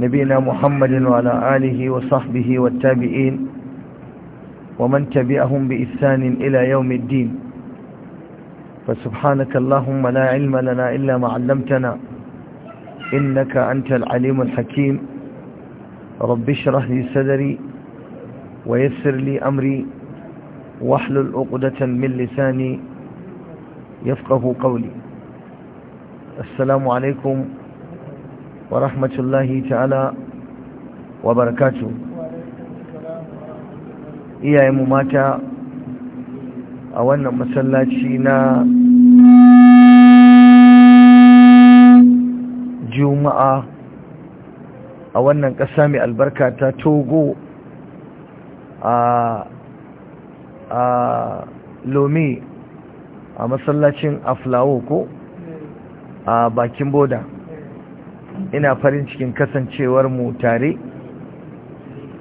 نبينا محمد وعلى آله وصحبه والتابعين ومن تبعهم بإحسان إلى يوم الدين فسبحانك اللهم لا علم لنا إلا ما علمتنا إنك أنت العليم الحكيم رب اشرح لي صدري ويسر لي أمري واحلل عقدة من لساني يفقه قولي السلام عليكم wa rahmatullahi ta'ala wa barakatu iyayen mu mata a wannan masallaci na juma'a a wannan ƙasa mai albarka togo a a lomi a masallacin aflawo ko a bakin boda ina farin cikin kasancewar mu tare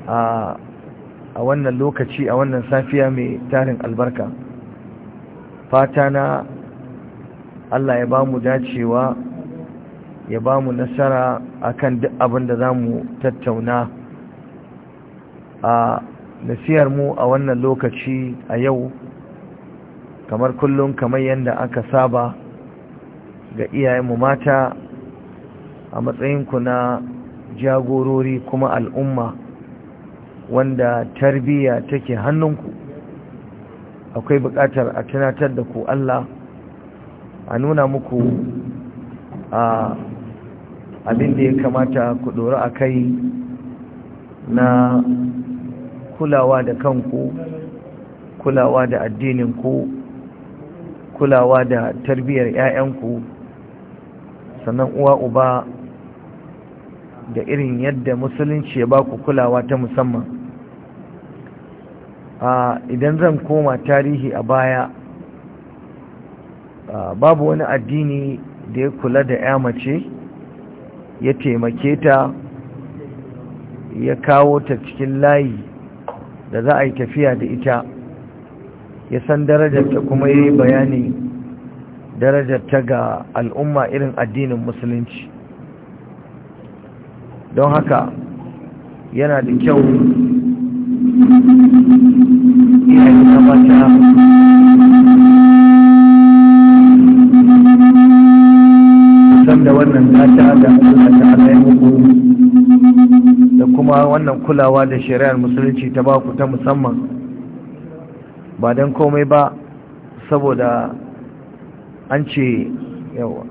a wannan lokaci a wannan safiya mai tarin albarka fata na Allah ya ba mu dacewa ya ba mu nasara akan duk abin da za mu tattauna a nasiyar mu a wannan lokaci a yau kamar kullum kamar yadda aka saba ga iyayenmu mata a matsayinku na jagorori kuma al'umma wanda tarbiyya take hannunku akwai buƙatar a tunatar da ku Allah a nuna muku a abin da ya kamata ku ɗora a kai na kulawa da kanku kulawa da addininku kulawa da tarbiyyar 'ya'yanku sannan uwa uba da irin yadda musulunci ya baku kulawa ta musamman idan zan koma tarihi a baya babu wani addini da ya kula da ya mace ya taimake ta ya kawo ta cikin layi da za a yi tafiya da ita ya san darajarta kuma ya yi bayani darajarta ga al'umma irin addinin musulunci don haka yana da kyau san da wannan da da kuma wannan kulawa da shari'ar musulunci ta baku ta musamman ba don komai ba saboda an ce yawa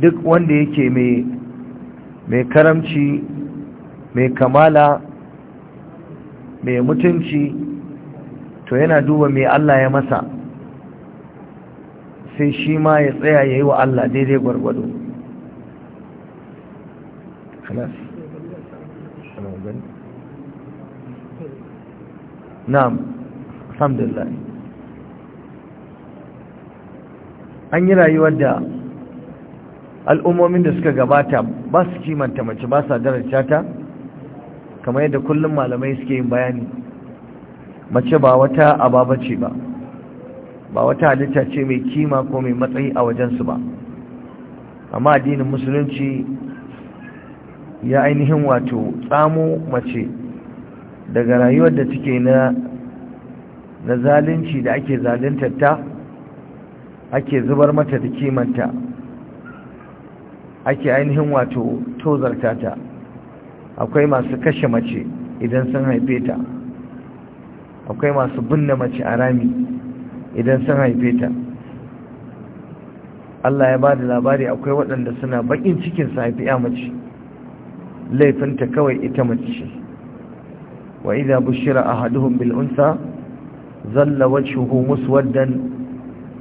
duk wanda yake mai karamci mai kamala mai mutunci to yana duba mai Allah ya masa sai shi ma ya tsaya ya yi wa Allah daidai gwargwado na'am alhamdulillah an yi rayuwar da al'ummomin da suka gabata ba su kimanta mace ba sa daraja ta kamar yadda kullum malamai suke yin bayani mace ba wata ababa ce ba ba wata halitta ce mai kima ko mai matsayi a wajensu ba amma addinin musulunci ya ainihin wato tsamo mace daga rayuwar da take na na zalunci da ake zaluntar ta ake zubar mata da kimanta ake ainihin wato tozarta ta akwai masu kashe mace idan sun haife ta akwai masu binne mace a rami idan sun haife ta Allah ya ba da labari akwai waɗanda suna bakin cikin su haifi ya mace laifinta kawai ita mace wa idza bushira ahaduhum bil unsa zalla wajhuhu muswaddan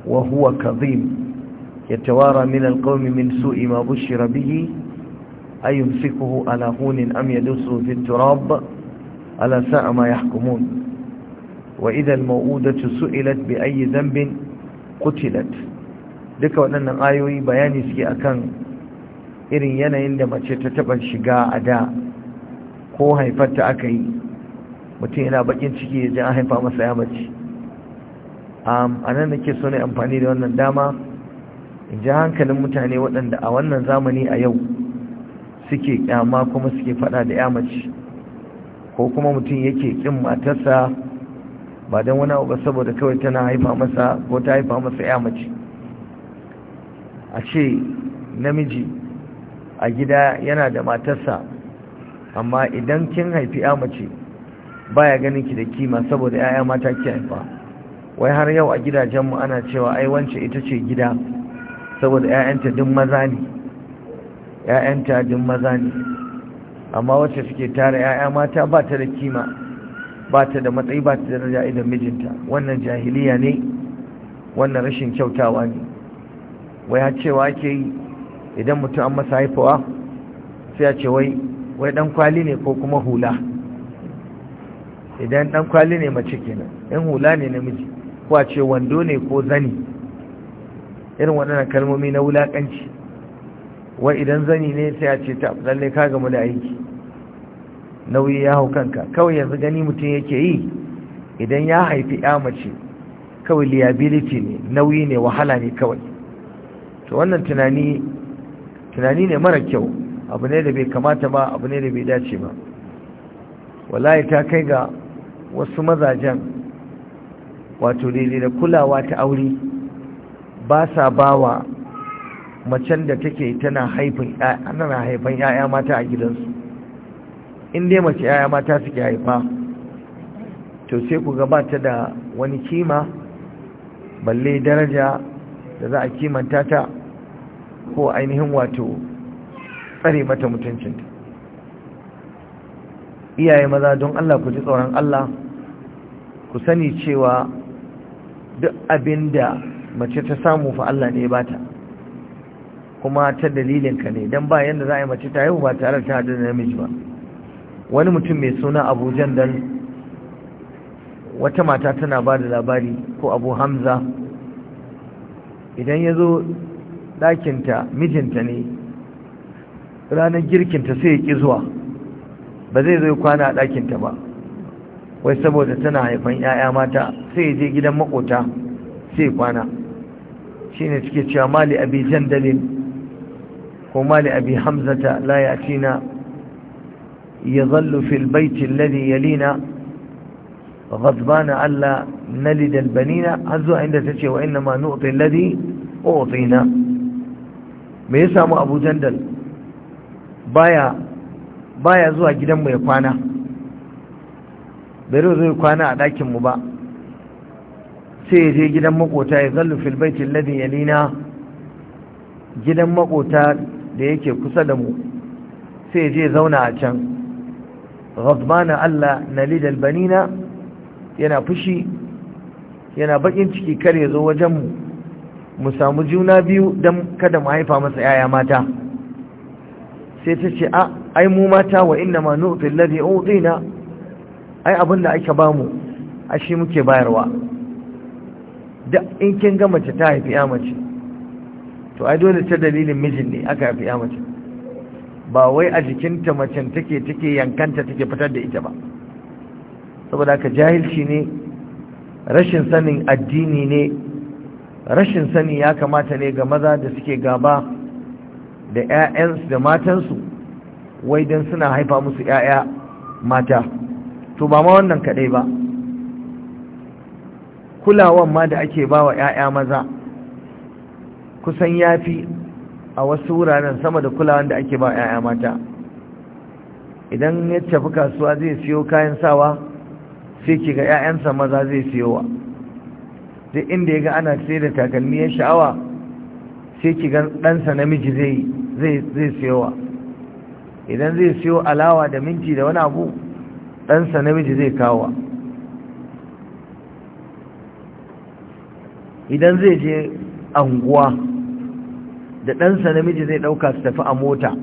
wa huwa kadhim يتوارى من القوم من سوء ما بشر به أيمسكه على هون أم يدسه في التراب ألا ساء ما يحكمون وإذا الموؤودة سئلت بأي ذنب قتلت duka waɗannan ayoyi bayani suke akan irin yanayin da mace ta taɓa shiga a da ko haifarta aka yi mutum yana bakin ciki ya ji an haifa masa ya mace a nan da ke so ne amfani da wannan dama in ji hankalin mutane waɗanda a wannan zamani a yau suke kyama kuma suke faɗa da ya mace ko kuma mutum yake kin matarsa ba don wani abu ba saboda kawai tana haifa masa ko ta haifa masa ya mace a ce namiji a gida yana da matarsa amma idan kin haifi ya mace baya ganin ki da kima saboda 'ya'ya mata ki haifa wai har yau a gidajenmu ana cewa ai wance ita ce gida saboda ‘ya'yanta din maza ne ‘ya'yanta din maza ne amma wacce suke tara ‘ya'ya mata ba ta da kima ba ta da matsayi ba ta daraja idan mijinta wannan jahiliya ne wannan rashin kyautawa ne waya cewa ake yi idan mutum an masa haifawa sai ya ce wai wai dan kwali ne ko kuma hula idan dan kwali ne mace kenan in hula ne namiji ko a ce wando ne ko zani irin waɗannan kalmomi na wulaƙanci wa idan zani ne sai a ce ta lalle ka gamu da aiki nauyi ya hau kanka kawai yanzu gani mutum yake yi idan ya haifi ya mace kawai liability ne nauyi ne wahala ne kawai to wannan tunani tunani ne mara kyau abu ne da bai kamata ba abu ne da bai dace ba wallahi ta kai ga wasu mazajen wato daidai da kulawa ta aure ba sa bawa macen da take tana haifin ana haifan yaya mata a gidansu in dai mace yaya mata suke haifa to sai ku ga gabata da wani kima balle daraja da za a kimanta ta ko ainihin wato tsare mata mutuncinta iyaye maza don Allah ku ji tsoron Allah ku sani cewa duk abinda mace ta samu fa Allah ne ba ta kuma ta dalilinka ne don ba yadda za a yi mace ta haihu ba tare ta da namiji ba wani mutum mai suna abu jandal wata mata tana ba da labari ko abu hamza idan ya zo ɗakinta mijinta ne ranar girkinta sai ya ƙi zuwa ba zai zo kwana a ɗakinta ba wai saboda tana haifan 'ya'ya mata sai ya je gidan makota sai kwana shine suke cewa mali abi jandalin ko mali abi hamzata la yatina yadhallu fil bayt alladhi yalina غضبان ألا نلد البنين عز عند تشي وإنما نعطي الذي أعطينا me ya samu abu jandal baya baya zuwa gidanmu ya kwana bai zai kwana a ɗakinmu ba sai ya je gidan makota ya zallu filbaitin ladin yalina gidan makota da yake kusa da mu sai ya je zauna a can rasmanin Allah na lidal banina yana fushi yana bakin ciki kar ya zo wajenmu. mu samu juna biyu don kada mu haifa masa yaya mata sai ta ce a ai mu mata wa inna ma nu'til ladhi udina ai abinda ake bamu ashe muke bayarwa da in kin ga mace ta haifi ya mace to ai dole ta dalilin mijin ne aka haifi ya mace ba wai a jikinta macen take take yankanta take fitar da ita ba saboda haka jahilci ne rashin sanin addini ne rashin sani ya kamata ne ga maza da suke gaba da 'ya'yansu da matansu wai don suna haifa musu 'ya'ya mata to ba ma wannan kaɗai ba kulawan ma da ake ba wa 'ya'ya maza kusan ya fi a wasu wuraren sama da kulawan da ake ba 'ya'ya mata idan ya tafi kasuwa zai siyo kayan sawa sai kiga 'ya'yansa maza zai siyowa duk inda ya ga ana sai da takalmi ya sha'awa sai kiga ɗansa namiji zai siyowa idan zai siyo alawa da minti da wani abu ɗansa namiji zai kawo idan zai je anguwa da ɗansa namiji zai ɗauka su tafi a mota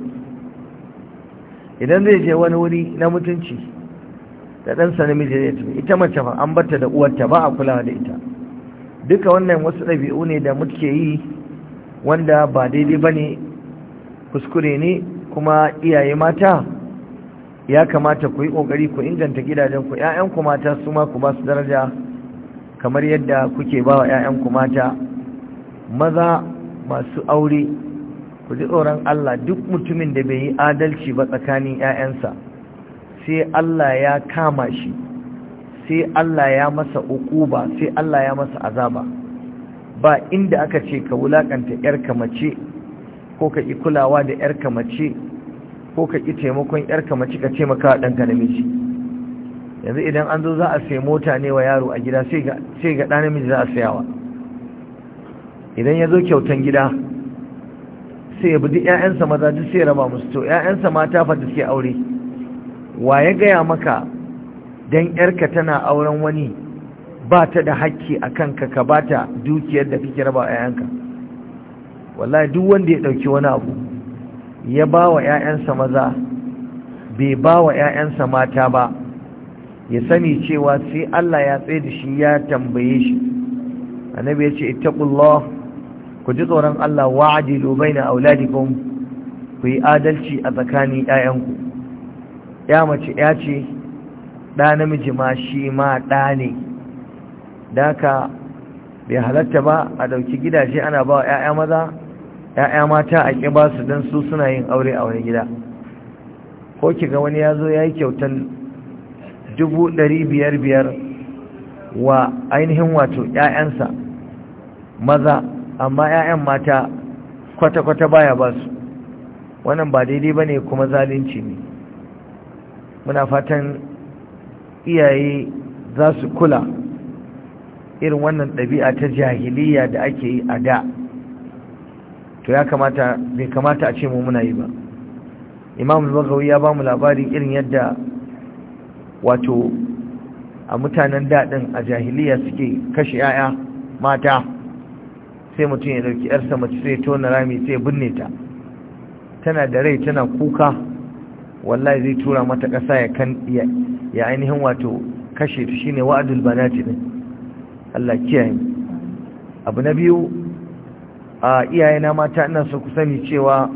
idan zai je wani wuri na mutunci da ɗansa namiji zai tafi ita mace ba, an barta da uwarta ba a kulawa da ita duka wannan wasu ɗabi'u ne da muke yi wanda ba daidai ba ne kuskure ne kuma iyaye mata ya kamata ku yi ƙoƙari ku inganta gidajenku 'ya'yanku mata su ma ku ba su daraja kamar yadda kuke ba wa 'ya'yanku mata maza masu aure ku ji tsoron Allah duk mutumin da bai yi adalci ba tsakanin 'ya'yansa sai Allah ya kama shi sai Allah ya masa ukuba sai Allah ya masa azaba ba inda aka ce ka wulakanta 'yarka mace ko ka ƙi kulawa da 'yarka mace ko ka ƙi taimakon 'yarka mace ka taimaka wa ɗanka namiji yanzu idan an zo za a sai mota ne wa yaro a gida sai ga ɗan namiji za a sayawa idan ya zo kyautan gida sai ya bi ‘ya'yansa maza duk sai raba musu to ‘ya'yansa mata fata suke aure wa ya gaya maka don ‘yarka tana auren wani ba ta da hakki a kanka ka ba ta dukiyar da kake raba ‘ya'yanka wallahi duk wanda ya ɗauki wani abu ya ba wa ‘ya'yansa maza bai ba wa ‘ya'yansa mata ba ya sani cewa sai Allah ya tsaye da shi ya tambaye shi annabi ya ce ittaqullah ku ji tsoron Allah wa'dilu baina auladikum ku yi adalci a tsakanin ƴaƴanku ya mace ya ce ɗa namiji ma shi ma ɗa ne daka bai halatta ba a dauki gidaje ana ba wa ‘ya'ya maza ‘ya'ya mata a ƙi ba su don su suna yin aure a wani gida ko kiga wani ya zo ya kyautan dubu ɗari biyar biyar wa ainihin wato ‘ya'yansa maza amma ‘ya'yan mata kwata-kwata baya ba su wannan ba daidai ba ne kuma zalunci ne muna fatan iyaye za su kula irin wannan ɗabi'a ta jahiliya da ake yi a da to ya kamata bai kamata a ce mu muna yi ba imam ya ba mu labarin irin yadda wato a mutanen daɗin a jahiliya suke kashe 'ya'ya mata sai mutum ya ɗauki 'yarsa mace sai tona rami sai binne ta tana da rai tana kuka wallahi zai tura mata ƙasa ya kan ya ainihin wato kashe ta shine wa'adul banati din Allah kiyaye abu na biyu a iyayena mata ina so ku sani cewa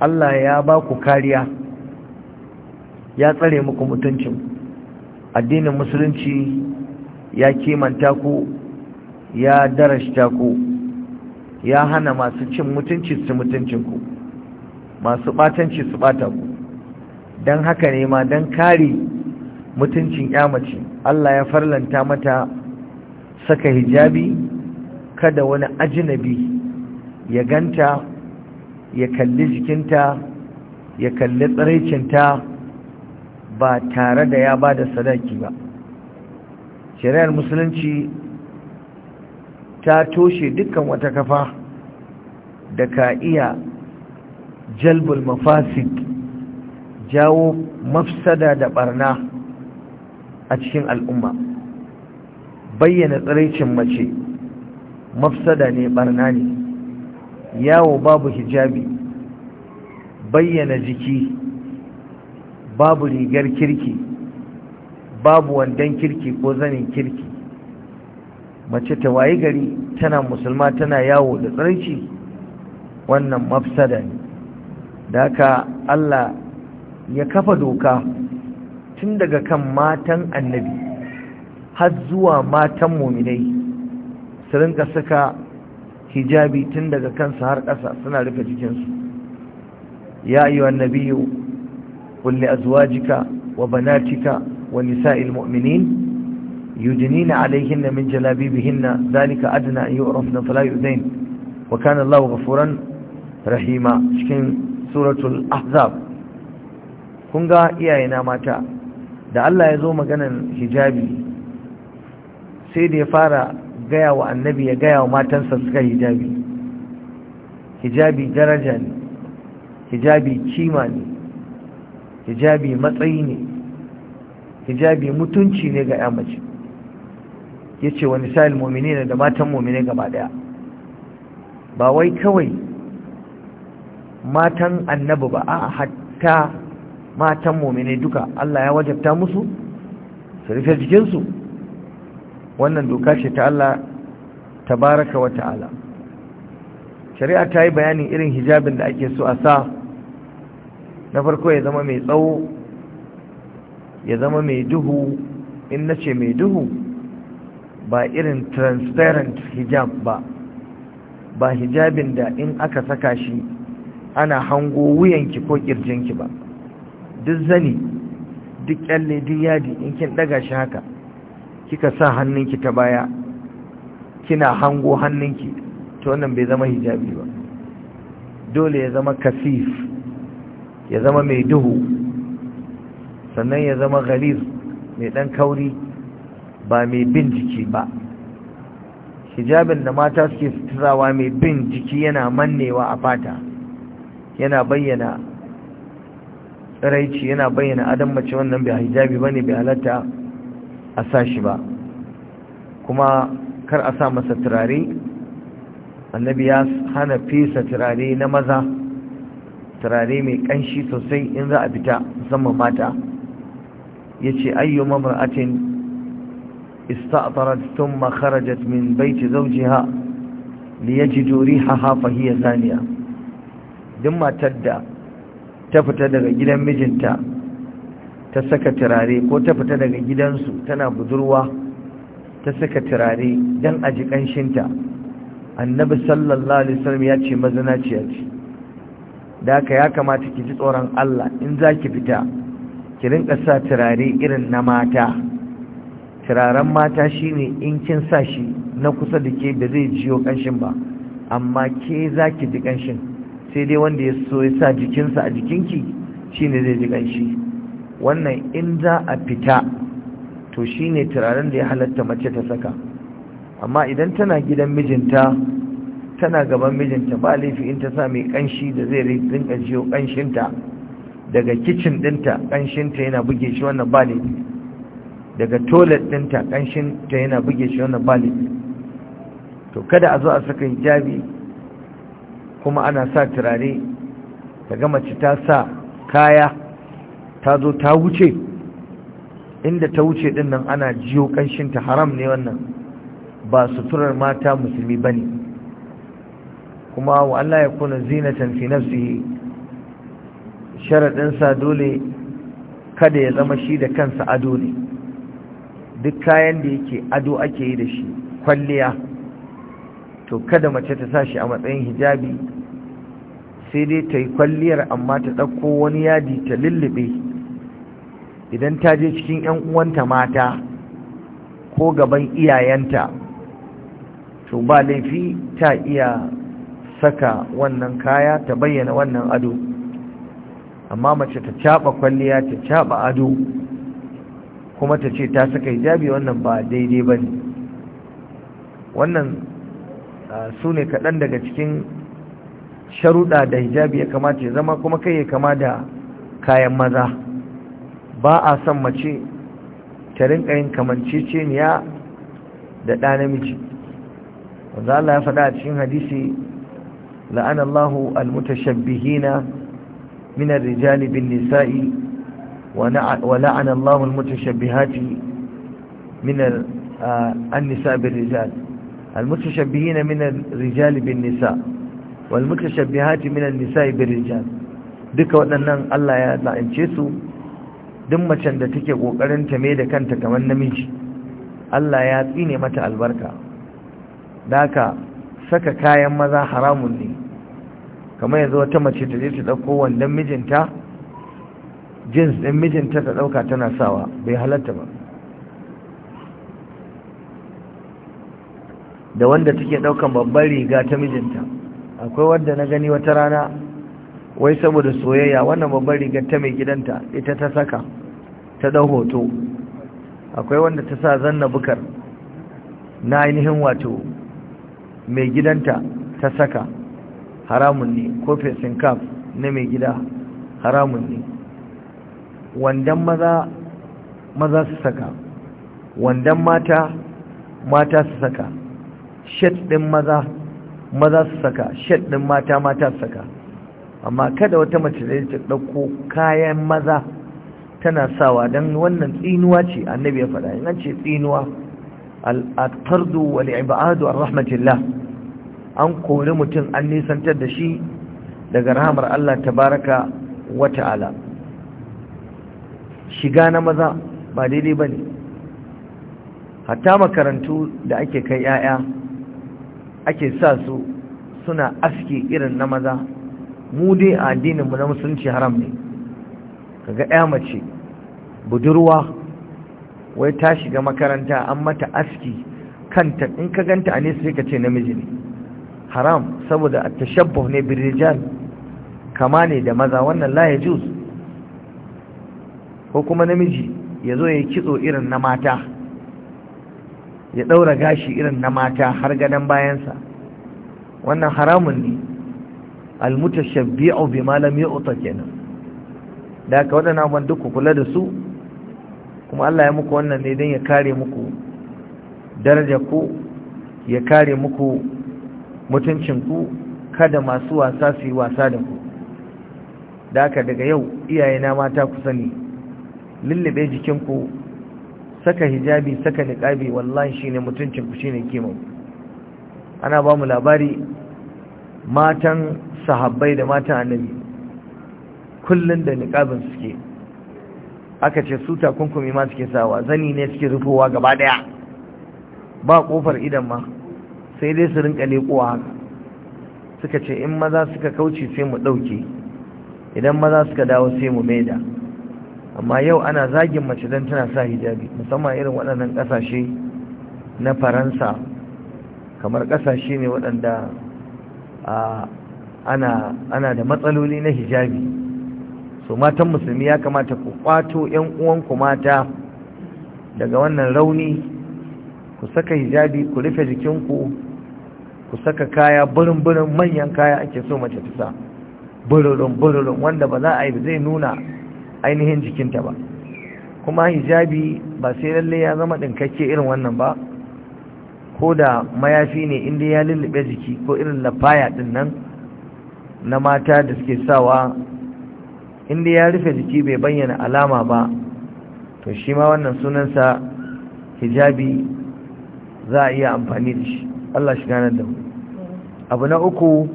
Allah ya ba ku kariya ya tsare muku mutuncin addinin musulunci ya kimanta ku ya darashta ku ya hana masu cin mutunci su mutuncinku masu batanci su bata ku don haka ne ma don kare mutuncin mace Allah ya farlanta mata saka hijabi kada wani ajinabi ya ganta ya kalli jikinta ya kalli tsiraicinta ba tare da ya ba da sadaki ba shari'ar musulunci ta toshe dukkan wata kafa da ka iya jalbul mafasid jawo mafsada da barna a cikin al'umma bayyana tsiraicin mace mafsada ne barna ne yawo babu hijabi bayyana jiki babu rigar kirki babu wandan kirki ko zanin kirki mace ta wayi gari tana musulma tana yawo da tsarki wannan mafsada ne da haka Allah ya kafa doka tun daga kan matan annabi har zuwa matan muminai su rinka saka hijabi tun daga kansu har ƙasa suna rufe jikinsu ya yi wa nabiyu قل لأزواجك وبناتك ونساء المؤمنين يدنين عليهن من جلابيبهن ذلك أدنى أن يؤرفن فلا يؤذين وكان الله غفورا رحيما شكين سورة الأحزاب كنغا إياينا ماتا da Allah ya zo maganan hijabi sai da ya fara gaya wa annabi ya gaya wa matansa suka hijabi hijabi daraja ne hijabi kima ne hijabi matsayi ne hijabi mutunci ne ga ya mace ya ce wani sa'il mummine ne da matan mummine gaba daya ba wai kawai matan annabi ba a hatta matan mummine duka Allah ya wajabta musu su rufe jikinsu wannan doka ce ta Allah tabaraka wa ta'ala shari'a ta yi bayanin irin hijabin da ake so a sa na farko ya zama mai tsawo ya zama mai duhu in na ce mai duhu ba irin transparent hijab ba ba hijabin da in aka saka shi ana hango wuyanki ko kirjinki ba duk zani duk kyalle duk yadi in kin daga shi haka kika sa hannunki ta baya kina hango hannunki to wannan bai zama hijabi ba dole ya zama kasif ya zama mai duhu sannan ya zama ghalib mai dan kauri ba mai bin jiki ba hijabin da mata suke suturawa mai bin jiki yana mannewa a fata yana bayyana tsiraici yana bayyana adam mace wannan bai hijabi ba ne bai halatta a sa shi ba kuma kar a sa masa turare annabi ya hana fesa turare na maza turare mai kanshi sosai in za a fita musamman mata ya ce ayyu mamra'atin ista'tarat thumma kharajat min baiti zawjiha liyajidu ha hafa hiya zaniya duk matar da ta fita daga gidan mijinta ta saka turare ko ta fita daga gidansu tana budurwa ta saka turare don aji kanshinta annabi sallallahu alaihi wasallam ya ce mazinaciya ce da haka ya kamata ki ji tsoron Allah in za ki fita ki rinka sa turare irin na mata turaren mata shine in kin sa shi na kusa da ke da zai jiyo kanshin ba amma ke za ki ji kanshin sai dai wanda ya so ya sa jikinsa a jikinki ne zai ji kanshi wannan in za a fita to shine turaren da ya halatta mace ta saka amma idan tana gidan mijinta tana gaban mijinta ba laifi in ta sa mai kanshi da zai rinka jiyo kanshinta daga kicin dinta kanshinta yana buge shi wannan ba laifi daga toilet dinta kanshinta yana buge shi wannan ba laifi to kada a zo a saka hijabi kuma ana sa turare daga mace ta sa kaya ta zo ta wuce inda ta wuce dinnan ana jiyo kanshinta haram ne wannan ba suturar mata musulmi bane kuma wa Allah ya kuna zinatan fi nafsihi sharadin sa dole kada ya zama shi da kansa ado ne duk kayan da yake ado ake yi da shi kwalliya to kada mace ta sa shi a matsayin hijabi sai dai ta yi kwalliyar amma ta ɗauko wani yadi ta lullube idan ta je cikin 'yan uwanta mata ko gaban iyayenta to ba laifi ta iya saka wannan kaya ta bayyana wannan ado amma mace ta caba kwalliya ta caba ado kuma ta ce ta saka hijabi wannan ba daidai ba ne wannan su ne kaɗan daga cikin sharuɗa da hijabi ya kamata ya zama kuma kai ya kama da kayan maza ba a son mace ta rinka yin kamanceceniya da ɗa namiji wanda Allah ya faɗa a cikin hadisi لعن الله المتشبهين من الرجال بالنساء ولعن الله المتشبهات من النساء بالرجال المتشبهين من الرجال بالنساء والمتشبهات من النساء بالرجال duka waɗannan Allah ya la'ance su duk macen da take kokarin ta mai da kanta kamar namiji Allah ya tsine mata albarka daka saka kayan maza haramun ne kamar yanzu wata mace ta je ta ɗauko wandon mijinta jins ɗin mijinta ta ɗauka tana sawa bai halatta ba da wanda take ɗaukan babban riga ta mijinta akwai wanda na gani wata rana wai saboda soyayya wannan babban rigar ta mai gidanta ita ta saka ta ɗau hoto akwai wanda ta sa zanna bukar na ainihin wato mai gidanta ta saka haramun ne ko fesin kaf na mai gida haramun ne wandan maza maza su saka wandan mata mata su saka shed din maza maza su saka shed din mata mata su saka amma kada wata mace da ta dauko kayan maza tana sawa don wannan tsinuwa ce annabi ya faɗa yana ce tsinuwa al wani wal ibadu ar rahmatillah an kori mutum an nisantar da shi daga rahamar Allah tabaraka wa ta'ala shiga na maza ba daidai ba ne. hatta makarantu da ake kai yaya ake sa su suna aski irin na maza mu dai a addininmu na musulunci haram ne kaga ya mace budurwa wai ta shiga makaranta an mata aski kanta in ka ganta a nesa sai ka ce namiji ne haram saboda a tashabbuh ne birrijal kama ne da maza wannan laye yajuz ko kuma namiji ya zo ya kitso irin na mata ya daura gashi irin na mata har gadon bayansa wannan haramun ne almutashabbi'u bima lam yu'ta kenan da ka wadannan ban duk kula da su kuma Allah ya muku wannan ne don ya kare muku daraja ku ya kare muku mutuncinku kada masu wasa su yi wasa da ku da aka daga yau iyayena mata ku sani lullube jikinku saka hijabi saka niƙabi wallahi shi ne mutuncinku shi ne kimau ana ba mu labari matan sahabbai da matan annabi kullum da niƙabin suke aka ce su takunkumi ma suke sawa zani ne suke rufowa gaba daya ba kofar idan ma sai dai su rinka lekuwa haka suka ce in maza suka kauce sai mu ɗauke idan maza suka dawo sai mu maida amma yau ana zagin mace don tana sa hijabi musamman irin waɗannan ƙasashe na faransa kamar ƙasashe ne waɗanda ana da matsaloli na hijabi so matan musulmi ya kamata ku kwato yan uwanku mata daga wannan rauni ku saka hijabi ku rufe jikinku ku saka kaya burin-burin manyan kaya ake so mace ta sa burin-burin wanda ba za a yi zai nuna ainihin jikinta ba kuma hijabi ba sai lalle ya zama ɗinkakke irin wannan ba ko da mayafi ne inda ya lullube jiki ko irin lafaya ɗin nan na mata da suke sawa inda ya rufe jiki bai bayyana alama ba to shi ma wannan sunansa hijabi za a iya amfani da shi Allah shi ganar da mu abu na uku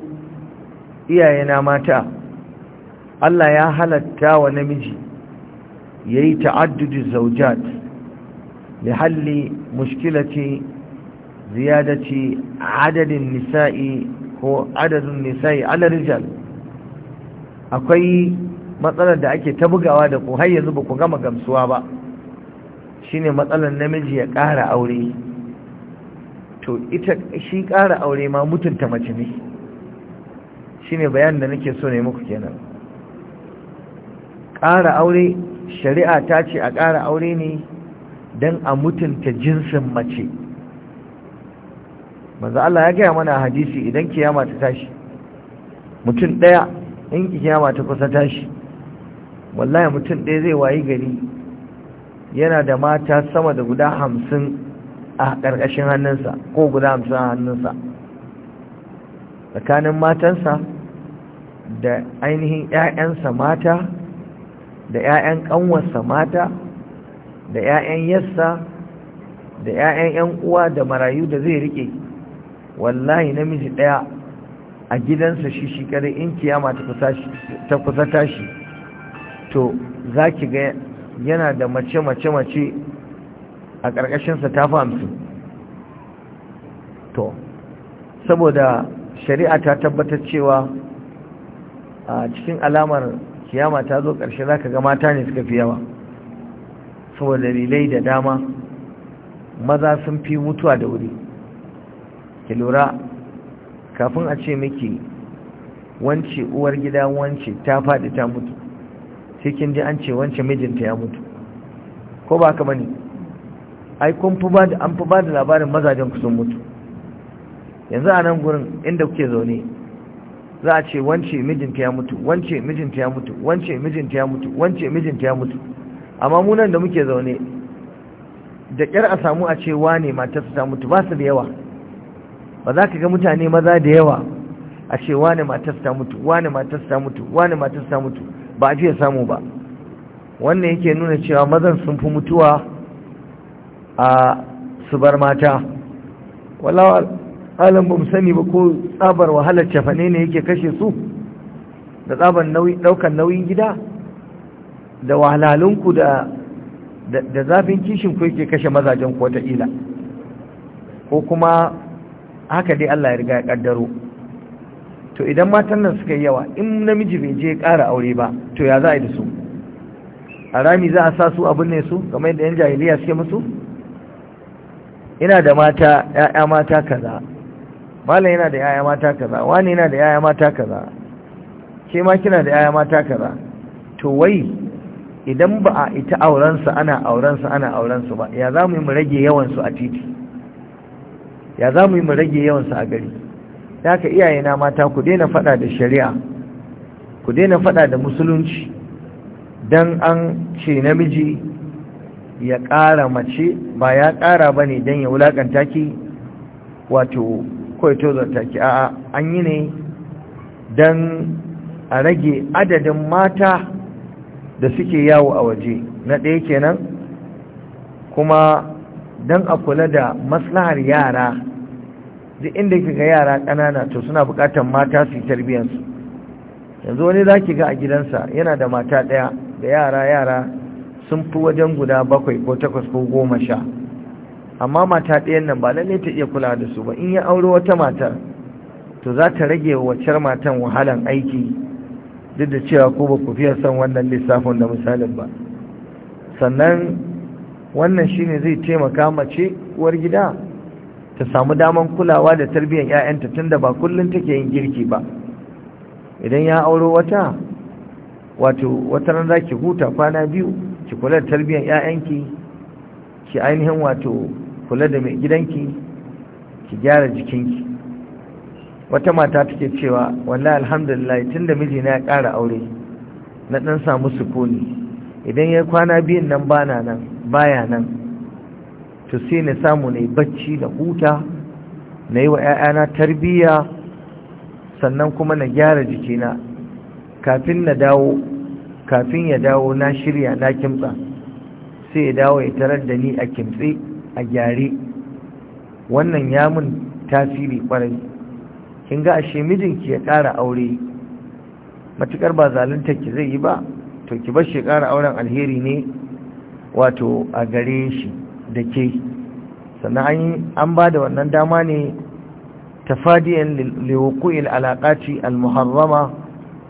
iyayena mata Allah ya halatta wa namiji ya yi ta'addudu zaujat da halli mushkilaci ziyadaci adadin nisa'i ko adadin nisa'i alarijal akwai matsalar da ake ta bugawa da ku har yanzu ba ku gama gamsuwa ba shine matsalar namiji ya ƙara aure to ita shi ƙara aure ma mutunta mace ne shine bayan da nake so ne muku kenan ƙara aure shari'a ta ce a ƙara aure ne don a mutunta jinsin mace Maza Allah ya gaya mana hadisi idan kiyama ta tashi mutum ɗaya in kiyama ta kusa tashi wallahi mutum ɗaya zai wayi gari yana da mata sama da guda hamsin a ƙarƙashin hannunsa ko guda hamsin a hannunsa tsakanin matansa da ainihin 'ya'yansa mata da 'ya'yan ƙanwarsa mata da 'ya'yan yassa da 'ya'yan 'yan uwa da marayu da zai riƙe wallahi namiji ɗaya a gidansa shi shi in kiyama ta kusa tashi to za ki ga yana da mace-mace-mace a ƙarƙashinsa ta fi to saboda shari'a ta tabbatar cewa a cikin alamar kiyama ta zo ƙarshe za ka ga mata ne suka fi yawa saboda dalilai da dama maza sun fi mutuwa da wuri ki lura kafin a ce miki wance uwar gida wance ta faɗi ta mutu sai kin ji an ce wance mijinta ya mutu ko ba haka bane ai kun fi bada an fi bada labarin mazajen ku sun mutu yanzu a nan gurin inda kuke zaune za a ce wance mijinta ya mutu wance mijinta ya mutu wance mijinta ya mutu wance mijinta ya mutu amma mu nan da muke zaune da kyar a samu a ce wane matarsa ta mutu ba su da yawa ba za ka ga mutane maza da yawa a ce wane matarsa ta mutu wane matarsa ta mutu wane matarsa ta mutu ba a fiye samu ba wannan yake nuna cewa mazan sun fi mutuwa a su bar mata walawa alam ba sani ba ko tsabar wahalar cefane ne yake kashe su da tsabar daukan nauyin gida da wahalalunku da da zafin kishinku yake kashe mazajen ko ta ila ko kuma haka dai Allah ya riga ya kaddaro to idan matan nan suka yi yawa in namiji bai je ƙara aure ba to ya za a yi da su a rami za a sa su abin ne su kamar yadda yan jahiliya suke musu ina da mata ya'ya mata kaza malam yana da ya'ya mata kaza wani yana da ya'ya mata kaza ke ma kina da ya'ya mata kaza to wai idan ba a ita aurensu ana aurensu ana aurensu ba ya za mu yi mu rage yawansu a titi ya za mu yi mu rage yawansu a gari haka iyayena mata ku daina faɗa da shari'a ku daina faɗa da musulunci dan an ce namiji ya ƙara mace ba ya ƙara ba ne don ya wulaƙanta ki wato kawai tozarta ki a an yi ne don a rage adadin mata da suke yawo a waje na ɗaya kenan kuma don a kula da maslahar yara da inda ga yara ƙanana to suna buƙatar mata su tarbiyyarsu yanzu wani za ki ga a gidansa yana da mata ɗaya da yara yara sun fi wajen guda bakwai ko takwas ko goma sha amma mata ɗayan nan ba lalle ta iya kula da su ba in ya auri wata matar to za ta rage waccar matan wahalan aiki duk da cewa ko ba ku fiye son wannan lissafin da misalin ba sannan wannan shine zai taimaka mace uwar gida ta samu daman kulawa da tarbiyyar 'ya'yanta tunda ba kullum take yin girki ba idan ya auro wata wato wata ran za ki huta kwana biyu ki kula da tarbiyyar 'ya'yanki ki ainihin wato kula da mai gidanki ki gyara jikinki wata mata take cewa wallahi alhamdulillah tunda mijina ya ƙara aure na ɗan samu sukuni idan ya kwana biyun nan bana nan baya nan to sai na samu na yi bacci da huta na yi wa 'ya'yana tarbiyya sannan kuma na gyara jikina kafin na dawo kafin ya dawo na shirya na kimtsa sai ya dawo ya tarar da ni a kimtse a gyare wannan ya mun tasiri kwarai kin ga ashe mijinki ya ƙara aure matukar ba zalunta ki zai yi ba to ki bar shi ƙara auren alheri ne wato a gare shi da ke sannan an ba da wannan dama ne ta tafadiyan lewukuyin alaƙaci almuharrama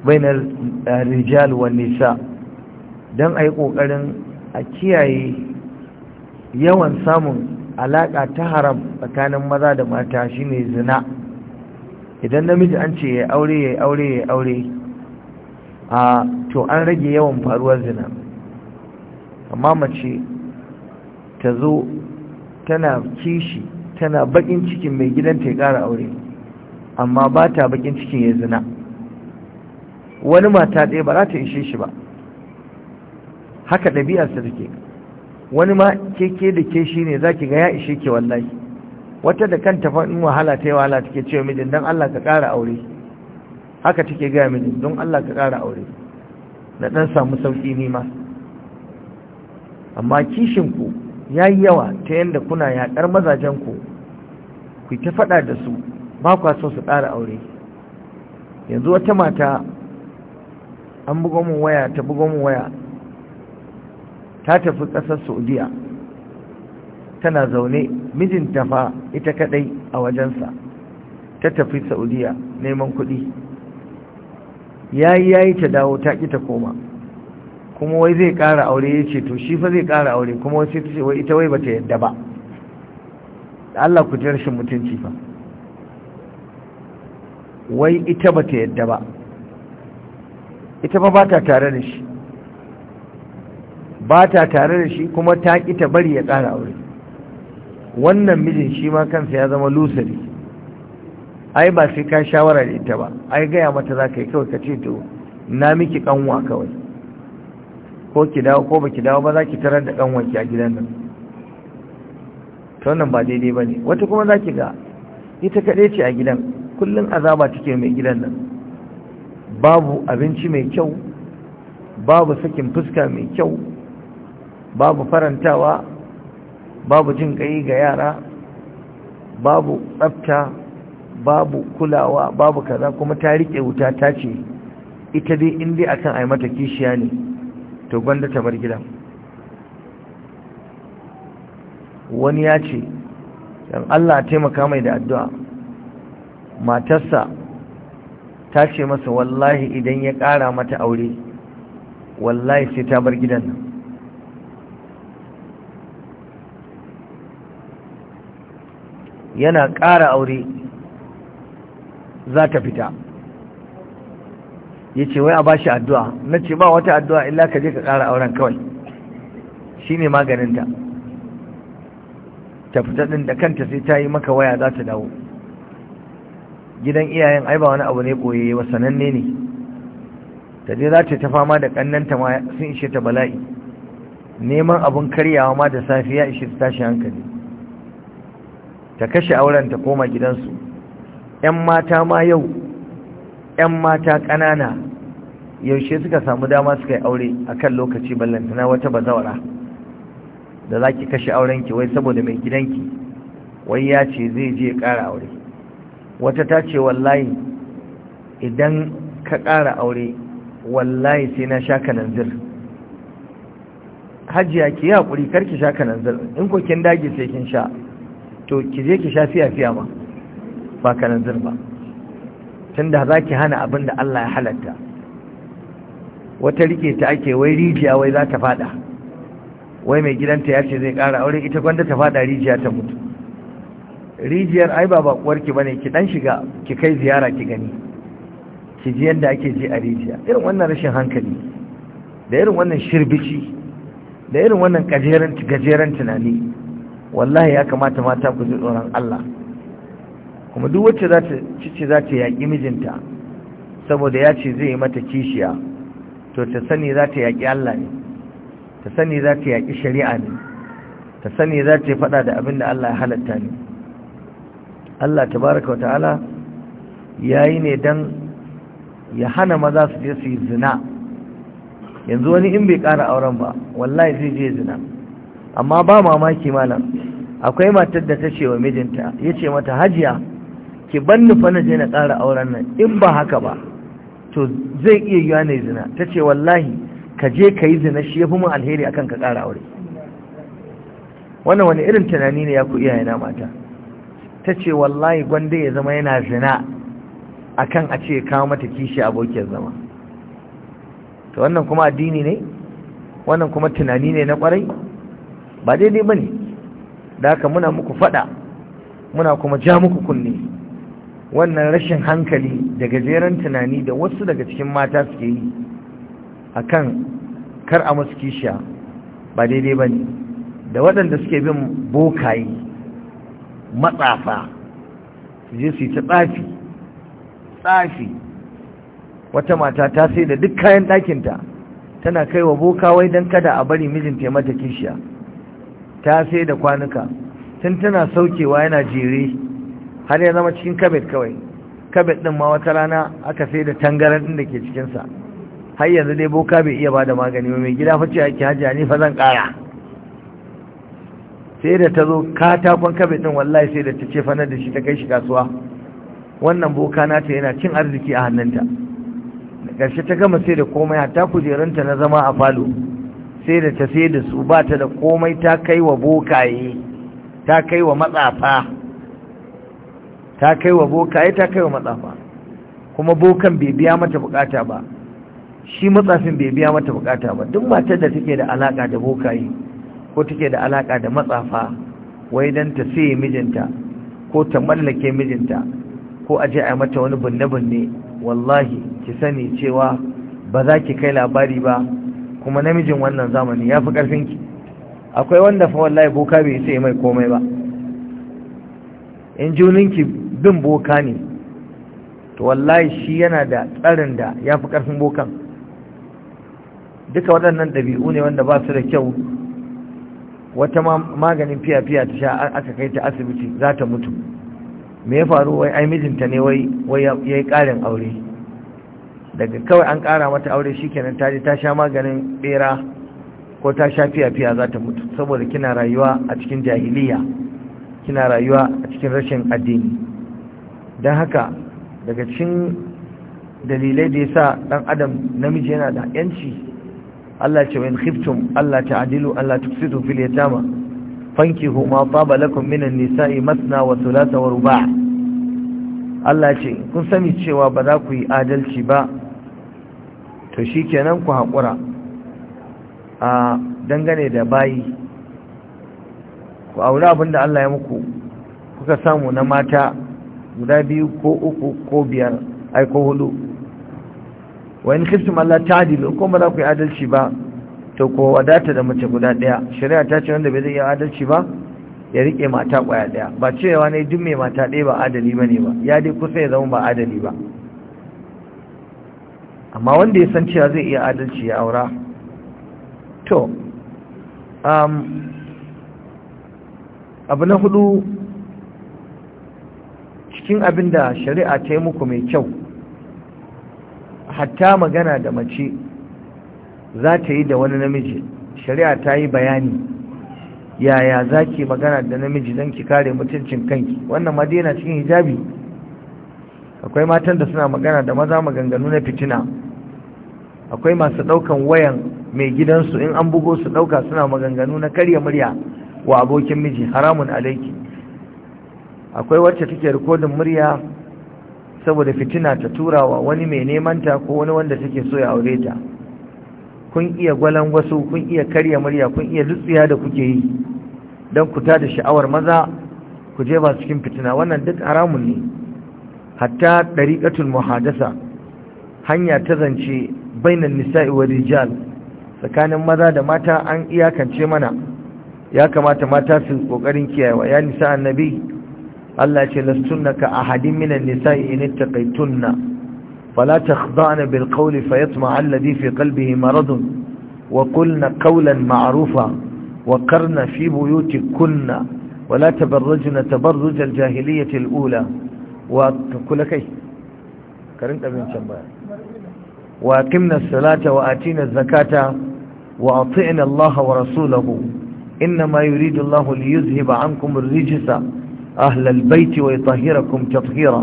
bainar eh, rijal wa nisa don a yi ƙoƙarin a kiyaye yawan samun alaƙa ta haram tsakanin maza da mata shine zina idan namiji an ce ya aure ya aure ya aure a ah, to an rage yawan faruwar zina amma mace ta zo tana kishi tana bakin cikin mai gidanta ya kara aure amma ba ta bakin cikin ya zina wani mata ɗaya ba za ta ishe shi ba haka ɗabi'arsa take wani ma keke da ke shi ne za ki ga ya ishe ke wallahi wata da kanta faɗin wahala ta yi wahala take ce mijin don Allah ka ƙara aure haka take gaya mijin don Allah ka ƙara aure na ɗan samu sauƙi nima amma kishin ku. ya yi yawa ta yadda kuna yaƙar mazajenku ku ta faɗa da su ba kwa so su ƙara aure yanzu wata mata an bugo min waya ta bugo mun waya ta tafi ƙasar saudiya tana zaune mijinta fa ita kaɗai a wajensa ta tafi saudiya neman kuɗi ya yi ya yi ta dawo ta ƙi ta koma kuma wai zai ƙara aure ya ce to shi fa zai ƙara aure kuma wasu ta ce wai ita wai bata yadda ba Allah ku ji rashin mutunci fa wai ita bata yadda ba ita fa ba tare da shi bata tare da shi kuma ta ƙi ta bari ya ƙara aure wannan mijin shi ma kansa ya zama lusari ai ba sai ka shawara da ita ba ai gaya mata za ka yi kawai ka ce to na miki kanwa kawai ko ki dawo ko baki dawo ba za ki tarar da wanki a gidan nan ta wannan ba daidai ba ne wata kuma za ki ga ita kaɗai ce a gidan kullum azaba take mai gidan nan babu abinci mai kyau babu sakin fuska mai kyau babu farantawa babu jin ƙai ga yara babu tsafta babu kulawa babu kaza kuma ta riƙe wuta ta ce ita dai in dai akan ai mata kishiya ne to gwanda ta bar gidan wani ya ce don Allah taimaka mai da addu'a matarsa ta ce masa wallahi idan ya ƙara mata aure wallahi sai ta bar gidan nan yana ƙara aure za ta fita ya ce wai a ba shi addu'a na ce ba wata addu'a illa ka je ka ƙara auren kawai shi ne maganinta ta fita ɗin da kanta sai ta yi maka waya za ta dawo gidan iyayen ai ba wani abu ne ɓoye wa sananne ne ta je za ta ta fama da ƙannanta ma sun ishe ta bala'i neman abun karyawa ma da safiya ishe ta tashi hankali ta kashe auren ta koma gidansu ‘yan mata ma yau 'yan mata ƙanana yaushe suka samu dama suka yi aure a kan lokaci ballantana wata bazawara da za ki kashe aurenki wai saboda mai gidanki wai ya ce zai je ƙara aure wata ta ce wallahi idan ka ƙara aure wallahi sai na sha kananzir hajiya ki yi haƙuri karki sha kananzir in ko kin dage sai kin sha to ki je ki sha fiya fiya ma ba kananzir ba tunda za ki hana abin da Allah ya halatta wata rike ta ake wai rijiya wai za ta fada wai mai gidanta ya ce zai kara aure ita gwanda ta fada rijiya ta mutu rijiyar ai ba bakuwarki bane ki dan shiga ki kai ziyara ki gani ki ji yadda ake ji a rijiya irin wannan rashin hankali da irin wannan shirbici da irin wannan gajeren tunani wallahi ya kamata mata ku ji tsoron Allah kuma duk wacce za ta cice za ta yaƙi mijinta saboda ya ce zai yi mata kishiya to ta sani za ta yaƙi Allah ne ta sani za ta yaƙi shari'a ne ta sani za ta faɗa da abin da Allah ya halatta ne Allah tabaraka wa ta'ala ya yi ne don ya hana maza su je su yi zina yanzu wani in bai ƙara auren ba wallahi zai je zina amma ba mamaki malam akwai matar da ta ce wa mijinta ya ce mata hajiya ki ban fa na je na ƙara auren nan in ba haka ba to zai iya yiwa ne zina ta ce wallahi ka je ka yi zina shi ya fi mun alheri akan ka ƙara aure wannan wani irin tunani ne ya ku na mata ta ce wallahi gwanda ya zama yana zina akan a ce kawo mata kishi abokiyar zama to wannan kuma addini ne wannan kuma tunani ne na kwarai ba daidai ba ne da haka muna muku fada muna kuma ja muku kunne wannan rashin hankali da gajeren tunani da wasu daga cikin mata suke yi a kan kar a musu kishiya ba daidai ba ne da waɗanda suke bin bokayi matsafa su je su yi ta tsafi tsafi wata mata ta sai da duk kayan ɗakinta tana kai wa bokawai don kada a bari mijinta mata kishiya ta sai da kwanuka tun tana saukewa yana jere har ya zama cikin kabet kawai kabet din ma wata rana aka sai da tangaran din da ke cikinsa har yanzu dai boka bai iya ba da magani ba mai gida fa ce ake hajiya ni fa zan kara sai da ta zo katakon kabet din wallahi sai da ta ce fanar da shi ta kai shi kasuwa wannan boka nata yana cin arziki a hannunta Da ƙarshe ta gama sai da komai hatta kujerunta na zama a falo sai da ta sai da su ba ta da komai ta kai wa bokaye ta kai wa matsafa ta kai wa boka ai ta kai wa matsafa kuma bokan bai biya mata bukata ba shi matsafin bai biya mata bukata ba duk matar da take da alaka da bokaye ko take da alaka da matsafa wai dan ta sai mijinta ko ta mallake mijinta ko aje a mata wani bunne-bunne wallahi ki sani cewa ba za ki kai labari ba kuma namijin wannan zamani ya fi ƙarfinki akwai wanda fa wallahi boka bai sai mai komai ba in juninki bin boka ne to wallahi shi yana da tsarin da ya fi ƙarfin bokan duka waɗannan ɗabi'u ne wanda ba su da kyau wata maganin fiya-fiya ta sha aka kai ta asibiti za ta mutu me ya faru wai ai mijinta ne wai ya yi ƙarin aure daga kawai an ƙara mata aure shi kenan ta je ta sha maganin ɓera ko ta sha fiya-fiya za ta mutu saboda kina rayuwa a cikin jahiliya kina rayuwa a cikin rashin addini don haka daga cikin dalilai da ya sa ɗan adam namiji yana da yanci Allah ce wani khiftum Allah adilu Allah tufsidu fil yatama fankihu ma taba lakum minan nisa'i masna wa thulatha wa ruba' Allah ce kun sani cewa ba za ku yi adalci ba to shikenan ku haƙura a dangane da bayi ku aure abinda Allah ya muku kuka samu na mata guda biyu ko uku ko biyar ai ko hudu wa in khiftum alla ta'dilu ko ba za ku yi adalci ba to ko wadata da mace guda daya shari'a ta ce wanda bai zai yi adalci ba ya rike mata kwaya daya ba cewa ne duk mai mata daya ba adali bane ba ya dai kusa ya zama ba adali ba amma wanda ya san cewa zai iya adalci ya aura to um, abu na hudu cikin abin da shari'a ta yi muku mai kyau hatta magana da mace za ta yi da wani namiji shari'a ta yi bayani yaya za ki magana da namiji don ki kare mutuncin kanki wannan ma yana cikin hijabi akwai matan da suna magana da maza maganganu na fitina akwai masu ɗaukan wayan mai gidansu in an bugo su ɗauka suna maganganu na karya murya wa abokin miji haramun alaiki akwai wacce take rikodin murya saboda fitina ta turawa wani mai nemanta ko wani wanda take so ya aure ta kun iya gwalan wasu kun iya karya murya kun iya lutsiya da kuke yi don ku da sha'awar maza ku je ba cikin fitina wannan duk haramun ne hatta dariqatul muhadasa hanya ta zance bainan nisa'i wa rijal tsakanin maza da mata an iyakance mana ya kamata mata su kokarin kiyayewa ya nisa annabi Allah ce lastunna ka ahadin minan nisa'i in ittaqaytunna fala takhda'na bil qawli fayatma'a alladhi fi qalbihi maradun wa qulna qawlan ma'rufa wa qarna fi buyutikunna ولا تبرجن تبرج الجاهلية الأولى وكل كي كرنت أبن شبا وأقمنا الصلاة وآتينا الزكاة وأطعنا الله ورسوله إنما يريد الله ليذهب عنكم الرجس أهل البيت ويطهركم تطهيرا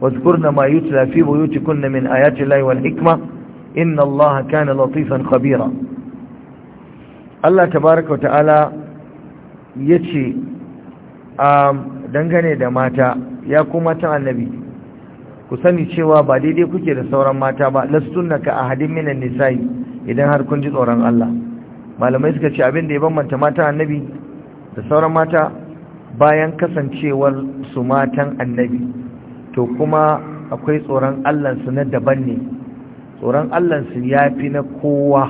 واذكرن ما يتلى في بيوتكن من آيات الله والحكمة إن الله كان لطيفا خبيرا الله تبارك وتعالى يتشي dangane da mata ya ku mata annabi ku sani cewa ba daidai kuke da sauran mata ba lastunna ka ahadin minan nisa'i idan har kun ji tsoron Allah malamai suka ce abin da ya bambanta mata annabi da sauran mata bayan kasancewar su matan annabi to kuma akwai tsoron allansu na daban ne tsoron allansu ya fi na kowa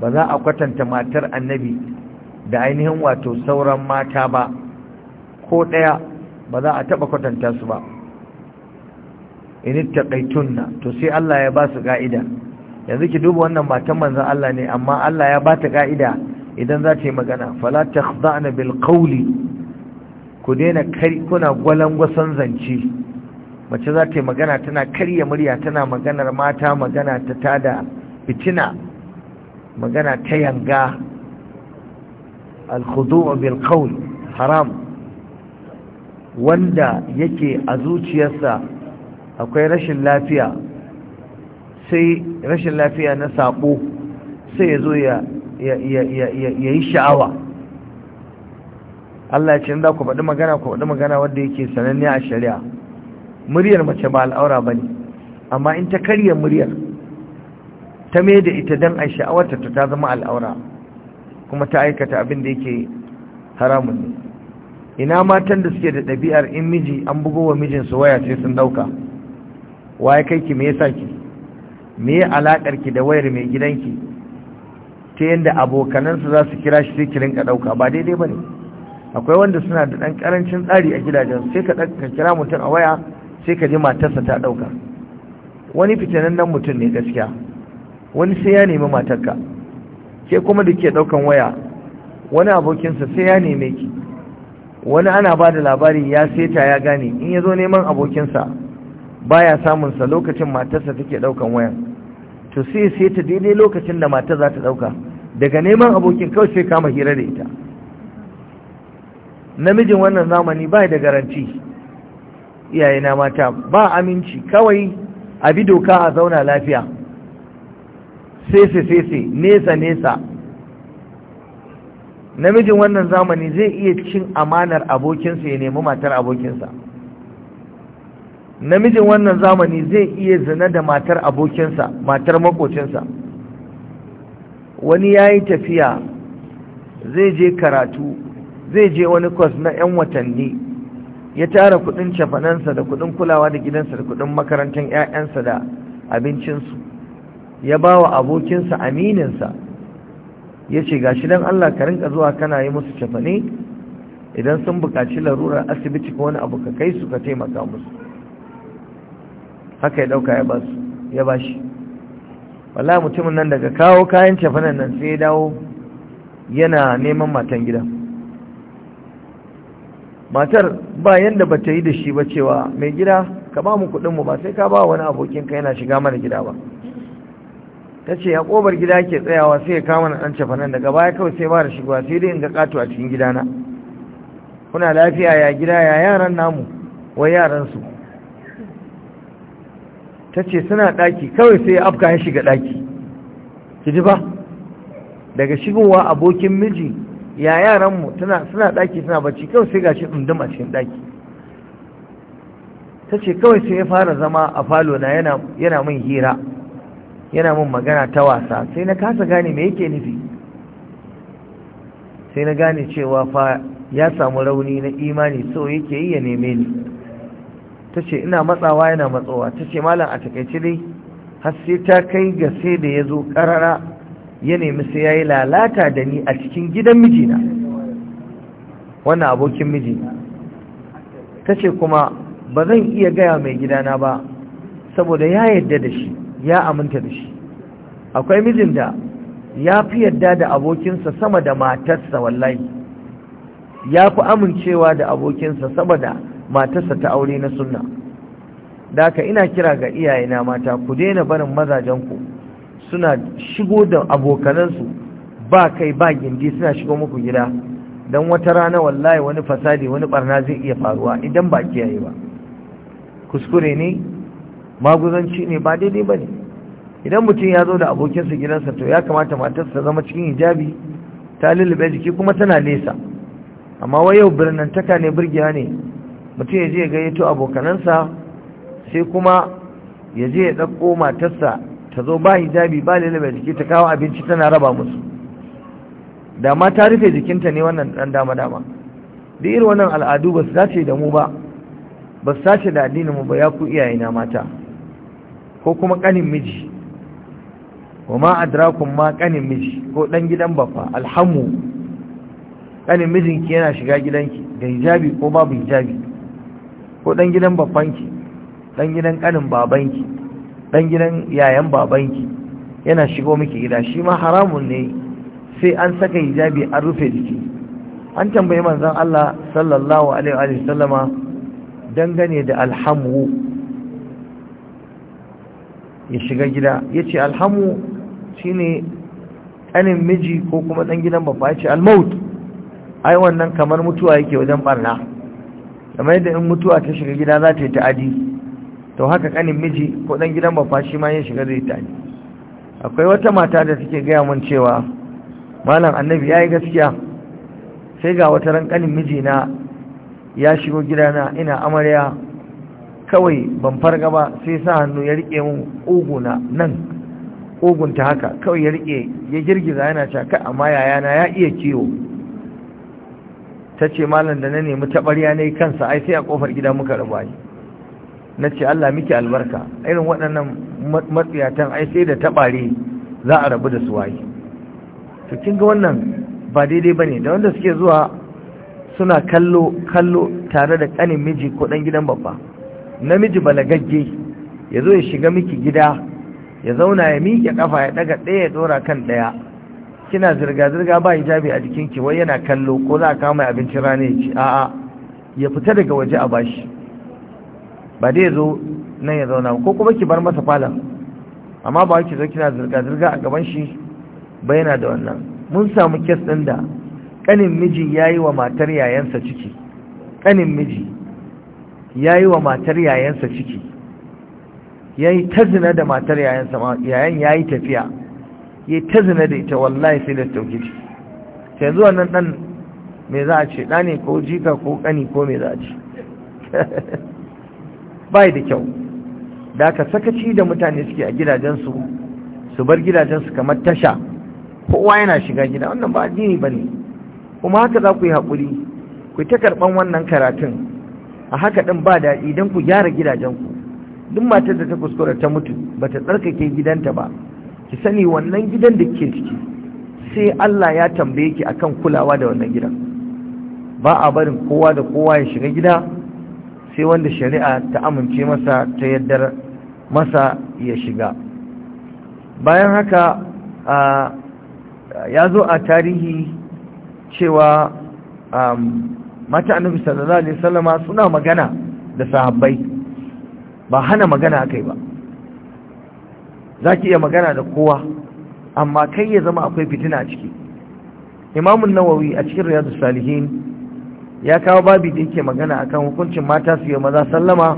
ba za a kwatanta matar annabi da ainihin wato sauran mata ba ko ɗaya ba za a taɓa kwatanta su ba inita ƙaitunna to sai Allah ya ba su ƙa'ida yanzu ki duba wannan matan manzan Allah ne amma Allah ya ba ta ƙa'ida idan za ta yi magana fala ta bil qawli ku daina kari kuna gwalangwason zance mace za ta yi magana tana karya murya tana maganar mata magana ta tada fitina magana ta yanga alkhudu'u bil qawl haram wanda yake a zuciyarsa akwai rashin lafiya sai rashin lafiya na sako sai ya zo ya yi sha'awa Allah ya ce in za ku faɗi magana ku faɗi magana wanda yake sananne a shari'a muryar mace ba al'aura ba ne amma in ta karya muryar ta mai da ita don a sha'awarta ta ta zama al'aura kuma ta aikata abin da yake haramun ne ina matan da suke da ɗabi'ar in miji an bugo wa mijinsu waya sai sun ɗauka waye kai ki me yasa ki me ya alakar ki da wayar mai gidanki ta yadda abokanansu za su kira shi sai ki rinka ɗauka ba daidai ba ne akwai wanda suna da ɗan ƙarancin tsari a gidajen sai ka ɗan kira mutum a waya sai ka ji matarsa ta ɗauka wani fitinan nan mutum ne gaskiya wani sai ya nemi matarka ke kuma da ke ɗaukan waya wani abokinsa sai ya neme ki wani ana ba da labari ya seta ya gane in ya zo neman abokinsa ba ya samunsa lokacin matarsa take ɗaukan wayan to sai seta daidai lokacin da matar za ta ɗauka daga neman abokin kawai sai kama hira da ita namijin wannan zamani ba da garanti iyayena mata ba aminci kawai a bi doka a zauna lafiya sese sese nesa nesa namijin wannan zamani zai iya cin amanar abokinsa ya nemi matar abokinsa namijin wannan zamani zai iya zina da matar abokinsa matar makocinsa wani ya yi tafiya zai je karatu zai je wani kwas na 'yan watanni ya tara kudin cafanansa da kudin kulawa da gidansa da kudin makarantar 'ya'yansa da abincinsu ya ba wa abokinsa amininsa ya ce gashi don Allah ka rinka zuwa kana yi musu cefane idan sun buƙaci larurar asibiti ko wani abu ka kai su ka taimaka musu haka ya ɗauka ya ba su ya ba shi wala mutumin nan daga kawo kayan cafanan nan sai ya dawo yana neman matan gida matar ba yanda ba ta yi da shi ba cewa mai gida ka ba mu kuɗinmu ba sai ka ba wani abokin ka yana shiga mana gida ba ta ce a ƙobar gida ke tsayawa sai ya kama ɗan nan daga baya kawai sai ba da shigowa sai dai in ga ƙato a cikin gidana kuna lafiya ya gida ya yaran namu wai yaransu ta ce suna ɗaki kawai sai ya afka ya shiga ɗaki ki ji ba daga shigowa abokin miji ya yaranmu suna daki suna bacci kawai sai gashi ɗundum a cikin daki. ta ce kawai sai ya fara zama a falo na yana min hira yana min magana ta wasa sai na kasa gane me yake nufi sai na gane cewa fa ya samu rauni na imani so yake yi ya neme ni ta ce ina matsawa yana matsowa ta ce malam a takaice dai har sai ta kai ga sai da ya zo ƙarara ya nemi sai ya yi lalata da ni a cikin gidan mijina wannan abokin mijina ta ce kuma ba zan iya gaya mai gidana ba saboda ya yadda da shi ya aminta da shi akwai mijin da ya fi yadda da abokinsa sama da matarsa wallahi ya fi amincewa da abokinsa sama da matarsa ta aure na sunna da ina kira ga iyayena mata ku daina barin mazajenku suna shigo da abokanansu ba kai ba gindi suna shigo muku gida don wata rana wallahi wani fasadi wani barna zai iya faruwa idan ba kiyaye ba kuskure ne maguzanci ne ba daidai ba ne idan mutum ya zo da abokinsa gidansa to ya kamata matarsa ta zama cikin hijabi ta lullube jiki kuma tana nesa amma wai yau birnantaka ne birgiya ne mutum ya je ya gayyato abokanansa sai kuma ya je ya ɗauko matarsa ta zo ba hijabi ba lalaba jiki ta kawo abinci tana raba musu Dama ta rufe jikinta ne wannan dan dama dama duk irin wannan al'adu ba su dace da mu ba ba su dace da addinin mu ba ya ku na mata ko kuma kanin miji wa ma adrakum ma kanin miji ko dan gidan bafa alhamu kanin mijinki yana shiga gidanki da hijabi ko babu hijabi ko dan gidan bafanki dan gidan kanin babanki dan gidan yayan babanki yana shigo miki gida shi ma haramun ne sai an saka hijabi an rufe jiki an tambayi manzon Allah sallallahu alaihi wa sallama dangane da alhamu ya shiga gida yace alhamu shine ƙanin miji ko kuma ɗan gidan babba ya ce almaut ai wannan kamar mutuwa yake wajen barna kamar yadda in mutuwa ta shiga gida za ta yi ta'adi to haka kanin miji ko dan gidan babba shi ma yin shiga zai tani akwai wata mata da take gaya mun cewa malam annabi yayi gaskiya sai ga wata ran kanin miji na ya shigo gidana ina amarya kawai ban farga ba sai sa hannu ya rike mun uguna nan ugunta haka kawai ya rike ya girgiza yana cewa kai amma yayana ya iya kiwo ta ce malam da na nemi taɓarya ne kansa ai sai a ƙofar gida muka rubaye na ce Allah miki albarka irin waɗannan matsiyatan ai sai da taɓare za a rabu da su waye to kin ga wannan ba daidai bane da wanda suke zuwa suna kallo kallo tare da kanin miji ko dan gidan babba namiji balagagge ya zo ya shiga miki gida ya zauna ya miƙe kafa ya ɗaga ɗaya ya ɗora kan ɗaya kina zirga-zirga ba hijabi a jikinki wai yana kallo ko za a kama abincin rana ya ci a'a ya fita daga waje a bashi ba dai zo nan ya zauna ko kuma ki bar masa falon amma ba ki zo kina zirga-zirga a gaban shi ba yana da wannan mun samu kes ɗin da ƙanin miji ya yi wa matar yayansa ciki ƙanin miji ya yi wa matar yayansa ciki ya yi ta zina da matar yayansa yayan ya yi tafiya ya yi ta zina da ita wallahi sai da tauki ciki sai yanzu wannan ɗan me za a ce ɗa ne ko jika ko ƙani ko me za a ce bai da kyau da aka sakaci da mutane suke a gidajensu su bar gidajensu kamar tasha kowa yana shiga gida wannan ba addini ba ne kuma haka za ku yi haƙuri ku ta karɓan wannan karatun a haka ɗin ba daɗi don ku gyara gidajenku duk matar da ta kuskura ta mutu ba ta tsarkake gidanta ba ki sani wannan gidan da ke ciki sai Allah ya tambaye ki akan kulawa da wannan gidan ba a barin kowa da kowa ya shiga gida sai wanda shari'a ta amince masa ta yaddar masa ya shiga bayan haka ya zo a tarihi cewa mata annabi sallallahu alaihi wasallama suna magana da sahabbai ba hana magana kai ba zaki iya magana da kowa amma kai ya zama akwai fitina a ciki imamun nawawi a cikin riyadus salihin ya kawo babi da yake magana a kan hukuncin mata su yi maza sallama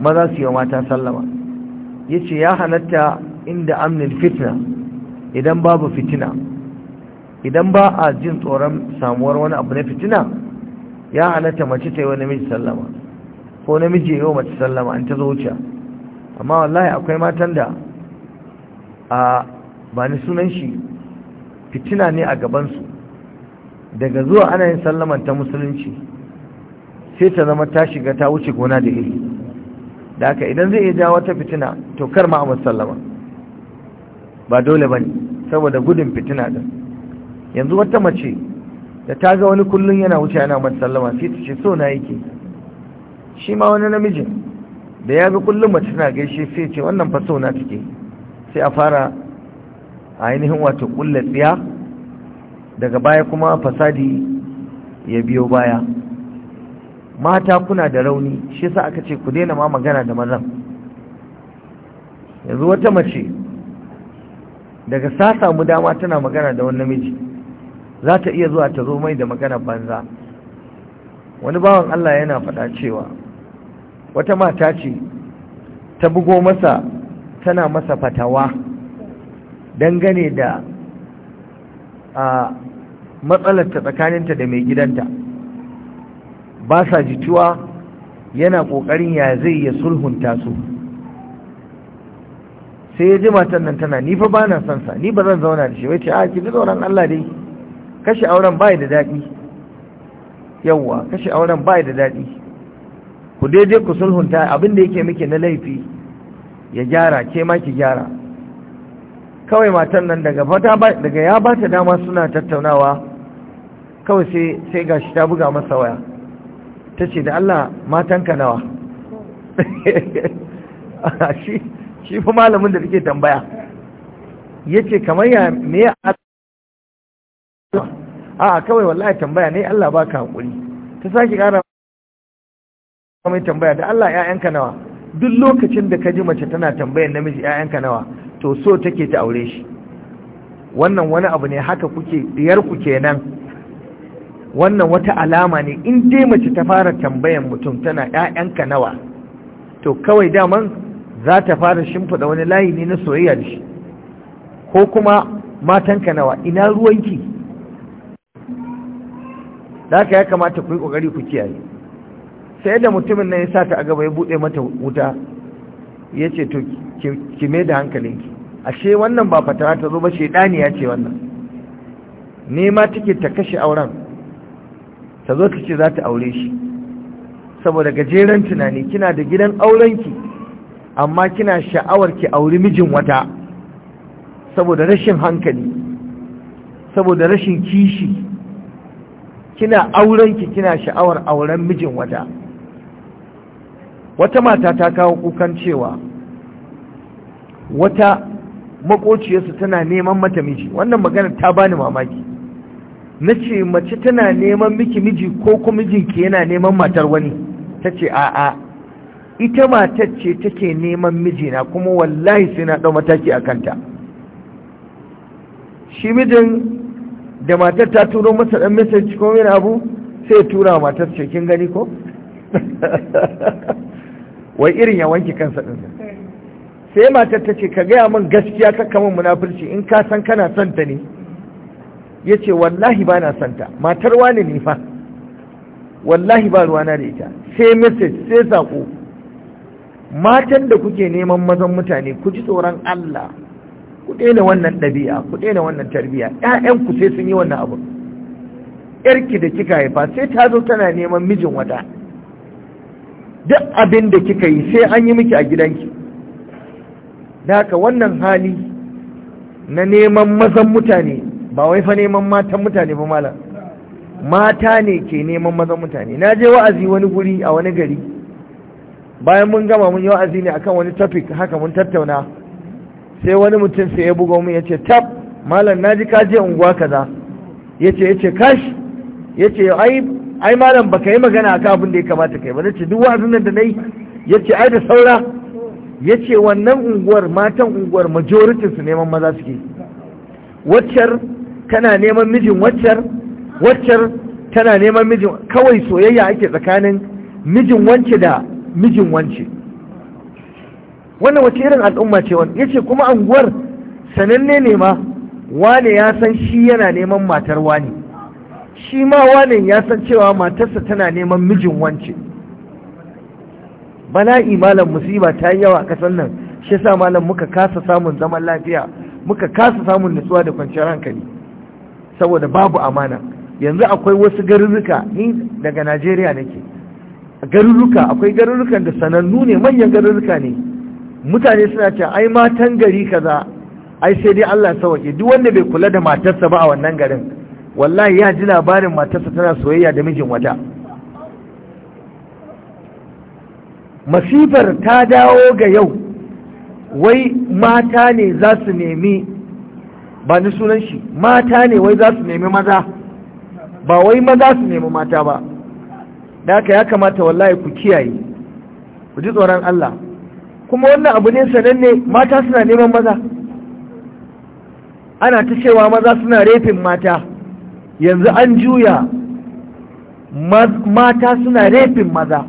maza su yi mata sallama Ya ce ya halatta inda amnin fitna idan babu fitina idan ba a jin tsoron samuwar wani abu na fitina ya halatta mace ta yi wa namiji sallama ko namiji ya yi wa mace sallama an ta zuciya amma wallahi akwai matan da a ba ni sunan shi fitina ne a gabansu daga zuwa ana yin sallama ta musulunci sai ta zama ta shiga ta wuce gona da iri da aka idan zai iya ja wata fitina to kar ma a sallama ba dole ba ne saboda gudun fitina din yanzu wata mace da ta ga wani kullum yana wuce yana sallama, sai ta ce so na yake shi ma wani namijin da ya ga kullum mace tana gaishe sai ce wannan fa so na take sai a fara ainihin wato kulla tsiya daga baya kuma fasadi ya biyo baya mata kuna da rauni shi sa aka ce ku daina ma magana da mazan yanzu wata mace daga sa samu dama tana magana da wani namiji za ta iya zuwa ta zo mai da magana banza wani bawan Allah yana faɗa cewa wata mata ce ta bugo masa tana masa fatawa dangane da a ta tsakaninta da mai gidanta ba sa jituwa yana ƙoƙarin ya zai ya sulhunta su sai ya ji matan nan tana ni fa ba na son ni ba zan zauna da shi wai ce a ki zauren Allah dai Kashi auren bai da daɗi yawwa kashe auren bai da daɗi ku daidai ku sulhunta abin da yake muke na laifi ya gyara ke ma ki gyara kawai matan nan daga daga ya bata dama suna tattaunawa kawai sai ga gashi ta buga masa waya ta ce da Allah matanka nawa shi shi fa malamin da suke tambaya Ya ce kamar ya me a kawai wallahi tambaya ne Allah ba ka haƙuri. ta sake kara mai tambaya da Allah 'ya'yanka nawa duk lokacin da ka ji mace tana tambayar namiji 'ya'yanka nawa to so take ta aure shi wannan wani abu ne haka kuke diyar ku nan? wannan wata alama ne in dai mace ta fara tambayan mutum tana ‘ya'yanka nawa to kawai daman za ta fara shimfiɗa wani layi ne na soyayya da shi ko kuma matanka nawa ina ruwanki da haka ya kamata ku yi ƙoƙari ku kiyaye sai da mutumin nan ya sa ta a gaba ya buɗe mata wuta ya ce to ki mai da hankalinki ashe wannan ba fatara ta zo ba shaidani ya ce wannan nema take ta kashe auren ta zo ta ce za ta aure shi saboda gajeren tunani kina da gidan aurenki amma kina sha'awar ki auri mijin wata saboda rashin hankali saboda rashin kishi kina aurenki kina sha'awar auren mijin wata wata mata ta kawo kukan cewa wata makociyarsu tana neman mata miji wannan magana ta bani mamaki na ce mace tana neman miki miji ko kuma mijinki yana neman matar wani ta ce a'a ita matar ce take neman mijina kuma wallahi sai na ɗau mataki a kanta shi mijin da matar ta turo masa ɗan message ko yana abu sai tura matar ce kin gani ko wai irin ya wanke kansa ɗin sai matar ta ce ka gaya min gaskiya ka min munafurci in ka san kana son ta ne ya ce wallahi ba na santa matar wani ne fa wallahi ba ruwana da ita sai message sai saƙo matan da kuke neman mazan mutane ku ji tsoron Allah ku daina wannan ɗabi'a ku daina wannan tarbiyya ƴaƴan ku sai sun yi wannan abu yarki da kika haifa sai ta zo tana neman mijin wata duk abin da kika yi sai an yi miki a gidanki da haka wannan hali na neman mazan mutane ba wai fa neman matan mutane ba malam mata ne ke neman mazan mutane na je wa'azi wani guri a wani gari bayan mun gama mun yi wa'azi ne akan wani topic haka mun tattauna sai wani mutum sai ya buga mun yace tab malam na ji ka je unguwa kaza yace yace kash yace ai ai malam baka yi magana akan abin da ya kamata kai ba nace duk wa'azin nan da nayi yace ai da saura yace wannan unguwar matan unguwar majoritin su neman maza suke waccar tana neman mijin waccar waccar tana neman mijin kawai soyayya ake tsakanin mijin wance da mijin wance wannan wace irin al'umma ce wani ya ce kuma anguwar sananne ne ma wane ya san shi yana neman matar wani shi ma wane ya san cewa matarsa tana neman mijin wance bala'i malam musiba ta yi yawa a nan shi sa malam muka kasa samun zaman lafiya muka kasa samun nutsuwa da kwanciyar hankali saboda babu amana yanzu akwai wasu garuruka ni daga najeriya nake garurruka, akwai garurukan da sanannu ne manyan garuruka ne mutane suna ce ai matan gari kaza ai sai dai allah sauke duk wanda bai kula da matarsa ba a wannan garin wallahi ya ji labarin matarsa tana soyayya da mijin wata masifar ta dawo ga yau wai mata ne za su nemi ba ni sunan shi mata ne wai za su nemi maza ba wai maza su nemi mata ba da aka ya kamata wallahi ku kiyaye ku ji tsoron Allah kuma wannan abu ne ne mata suna neman maza ana ta cewa maza suna refin mata yanzu an juya mata suna refin maza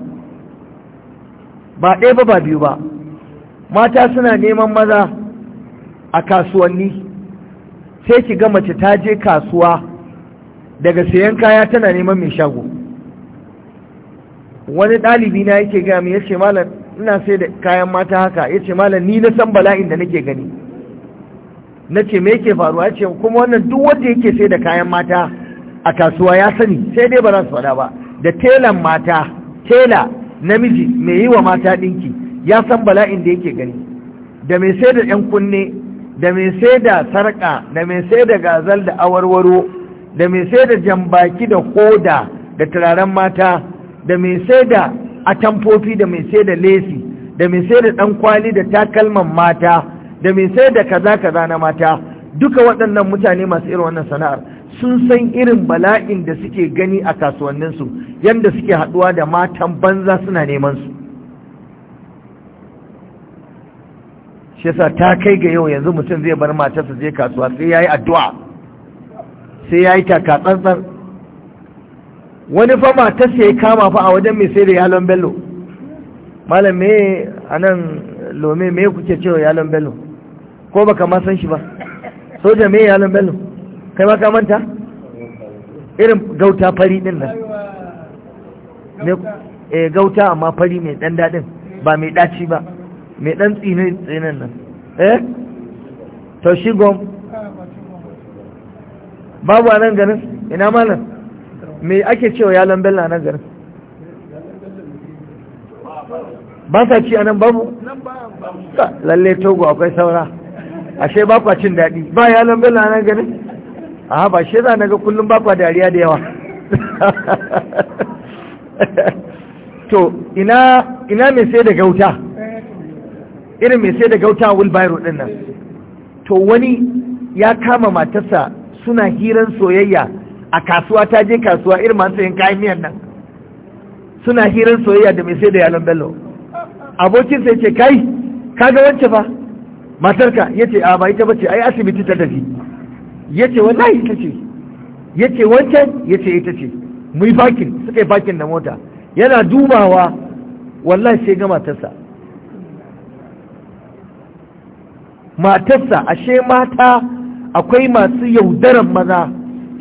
ba ɗaya ba ba biyu ba mata suna neman maza a kasuwanni sai ki ga mace ta je kasuwa daga sayan kaya tana neman mai shago wani ɗalibi na yake gaya mai yace malam ina sai da kayan mata haka yace malam ni na san bala'in da nake gani na ce me yake faruwa ce kuma wannan duk wanda yake sai da kayan mata a kasuwa ya sani sai dai ba za su faɗa ba da telan mata tela namiji mai yi wa mata ɗinki ya san bala'in da yake gani da mai sai da 'yan kunne da mai sai da sarƙa da mai sai da gazal da awarwaro da mai sai da jambaki da koda da turaren mata da mai sai da atamfofi da mai sai da lesi da mai sai da ɗan da takalman mata da mai sai da kaza kaza na mata duka waɗannan mutane masu irin wannan sana'ar sun san irin bala'in da suke gani a kasuwanninsu yadda suke haɗuwa da matan banza suna neman su shi yasa ta kai ga yau yanzu mutum zai bar matarsa je kasuwa sai yayi addu'a sai yayi taka tsantsan wani fa matarsa ya kama fa a wajen mai sai da yalon bello malam me anan lome me kuke cewa yalon bello ko baka ma san shi ba soja me yalon bello kai ma ka manta irin gauta fari din nan eh gauta amma fari mai dan dadin ba mai daci ba mai ɗan tsinin tsinin nan eh to shi gom babu a nan garin ina malam me ake cewa ya bello nan garin ba sa ci a nan babu lalle togo akwai saura ashe ba kwa cin daɗi ba ya bello nan garin a ba shi za na ga kullum ba kwa dariya da yawa to ina mai sai da gauta irin mai sai da gauta wilbairo ɗin nan to wani ya kama matarsa suna hiran soyayya a kasuwa ta je kasuwa irin masu yin kayan miyan nan suna hiran soyayya da mai sai da yalon bello abokin sai ce kai kaga wance fa matarka Ya ce a ba ita bace ai asibiti ta tafi ce wallahi ita ce Ya ce wancan Ya ce ita ce mu yi bakin suka yi bakin da mota yana dubawa wallahi sai ga matarsa matarsa ashe mata akwai masu yaudaran maza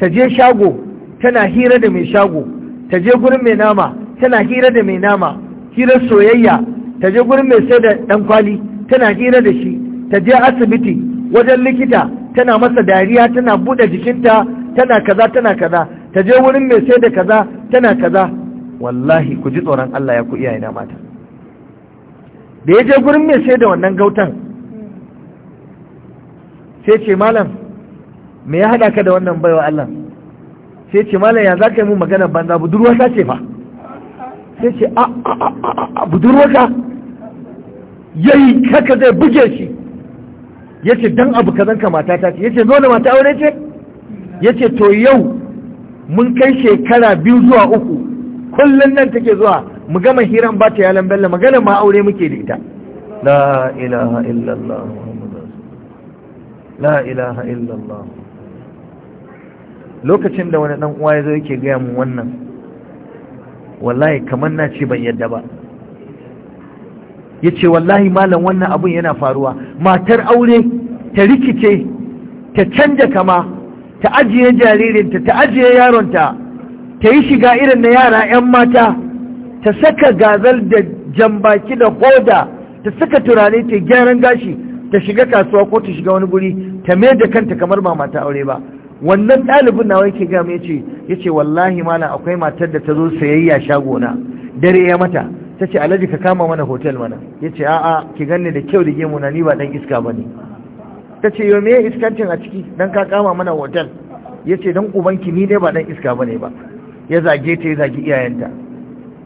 ta je shago tana hira da mai shago ta je gurin mai nama tana hira da mai nama hirar soyayya ta je gurin mai sai da dan kwali tana hira da shi ta je asibiti wajen likita tana masa dariya tana buɗe jikinta tana kaza tana kaza ta je wurin mai sai da kaza tana kaza wallahi ku ji tsoron Allah ya ku na mata da ya je gurin mai sai da wannan gautan sai ce malam me ya haɗa ka da wannan baiwa Allah sai ce malam ya za ka yi mun magana banza budurwa ta ce fa sai ce a a budurwa ka yayi haka zai buge shi yace dan abu kazan ka mata ta ce yace zo da mata aure ce yace to yau mun kai shekara biyu zuwa uku kullum nan take zuwa mu gama hiran ba ta yalan bella magana ma aure muke da ita la ilaha illallah la ilaha illallah lokacin da wani dan uwa ya zo yake gaya mu wannan wallahi kamar na ce ban yadda ba ya ce wallahi malam wannan abun yana faruwa matar aure ta rikice ta canja kama ta ajiye jaririnta ta ajiye yaronta ta yi shiga irin na yara 'yan mata ta saka gazal da jambaki da hoda ta saka turare ta gyaran gashi ta shiga kasuwa ko ta shiga wani guri ta mai da kanta kamar ba mata aure ba wannan ɗalibin nawa yake gama ya ce ya ce wallahi mana akwai matar da ta zo sayayya shagona dare ya mata ta ce alhaji ka kama mana hotel mana ya ce a'a ki ganni da kyau da gemu na ni ba dan iska ba ne ta ce yau me iskancin a ciki dan ka kama mana hotel ya ce dan ubanki ni ne ba dan iska ba ne ba ya zage ta ya zagi iyayenta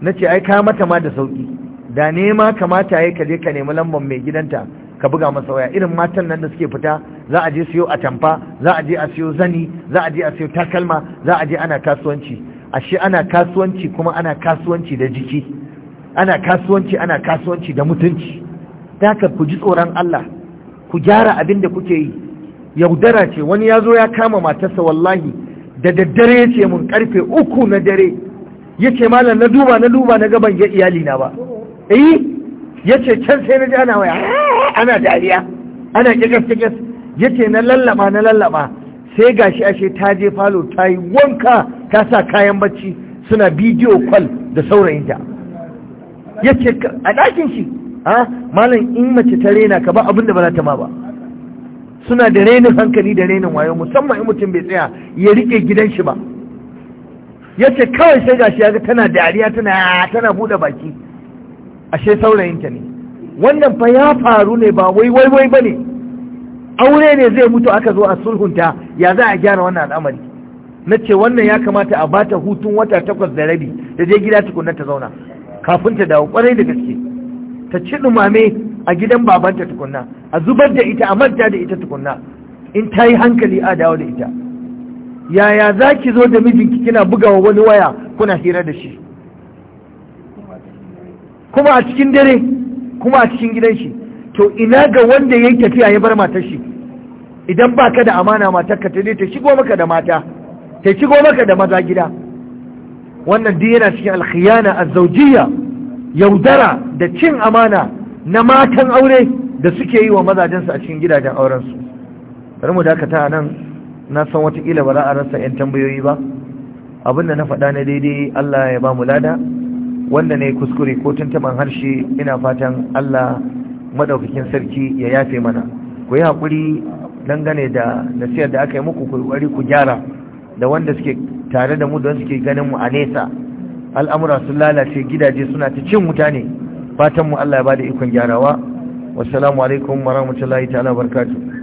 na ce ai ka mata ma da sauki da nema kamata ya kaje ka nemi lambar mai gidanta ka buga masa waya irin matan nan da suke fita za a je siyo atamfa za a je a siyo zani za a je a siyo takalma za a je ana kasuwanci ashe ana kasuwanci kuma ana kasuwanci da jiki ana kasuwanci ana kasuwanci da mutunci da ku ji tsoron Allah ku gyara abin da kuke yi yaudara ce wani ya zo ya kama matarsa wallahi da daddare ya ce mun karfe uku na dare ya ce malam na duba na duba na gaban ya iyali na ba eh ya ce can sai na ji ana waya ana dariya ana kikas kikas yace na lallaba na lallaba sai gashi ashe ta je falo ta yi wanka ta sa kayan bacci suna bidiyo kwal da saurayinta ce a ɗakin shi ha malam in mace ta rena ka ba abin da ba za ta ma ba suna da renin hankali da renin wayo musamman in mutum bai tsaya ya rike gidan shi ba yace kawai sai gashi ya ga tana dariya tana tana buɗe baki ashe saurayinta ne wannan fa ya faru ne ba wai wai wai bane aure ne zai mutu aka zo a sulhunta ya za a gyara wannan al'amari na ce wannan ya kamata a bata hutun wata takwas da rabi da je gida tukunna ta zauna kafin ta dawo kwarai da gaske ta ci dumame a gidan babanta tukunna a zubar da ita a manta da ita tukunna in ta yi hankali a dawo da ita yaya za ki zo da mijinki kina bugawa wani waya kuna hira da shi kuma a cikin dare kuma a cikin gidan shi to ina ga wanda ya yi tafiya ya bar matar shi idan ba ka da amana matar ka ta ta shigo maka da mata ta shigo maka da maza gida wannan duk yana cikin alkhiyana azzaujiya yaudara da cin amana na matan aure da suke yi wa mazajensu a cikin gidajen aurensu bari mu dakata nan na san kila ba za a rasa 'yan tambayoyi ba abinda na faɗa na daidai Allah ya ba mu lada wanda ne kuskure ko tuntuban harshe ina fatan Allah madaukakin sarki ya yafe mana ku yi haƙuri dangane da nasiyar da aka yi muku kokari ku gyara da wanda suke tare da mu don suke ganin mu a nesa al'amura sun lalace gidaje suna ta cin mutane fatan mu Allah ya bada ikon gyarawa wassalamu alaikum warahmatullahi ta'ala barkatu.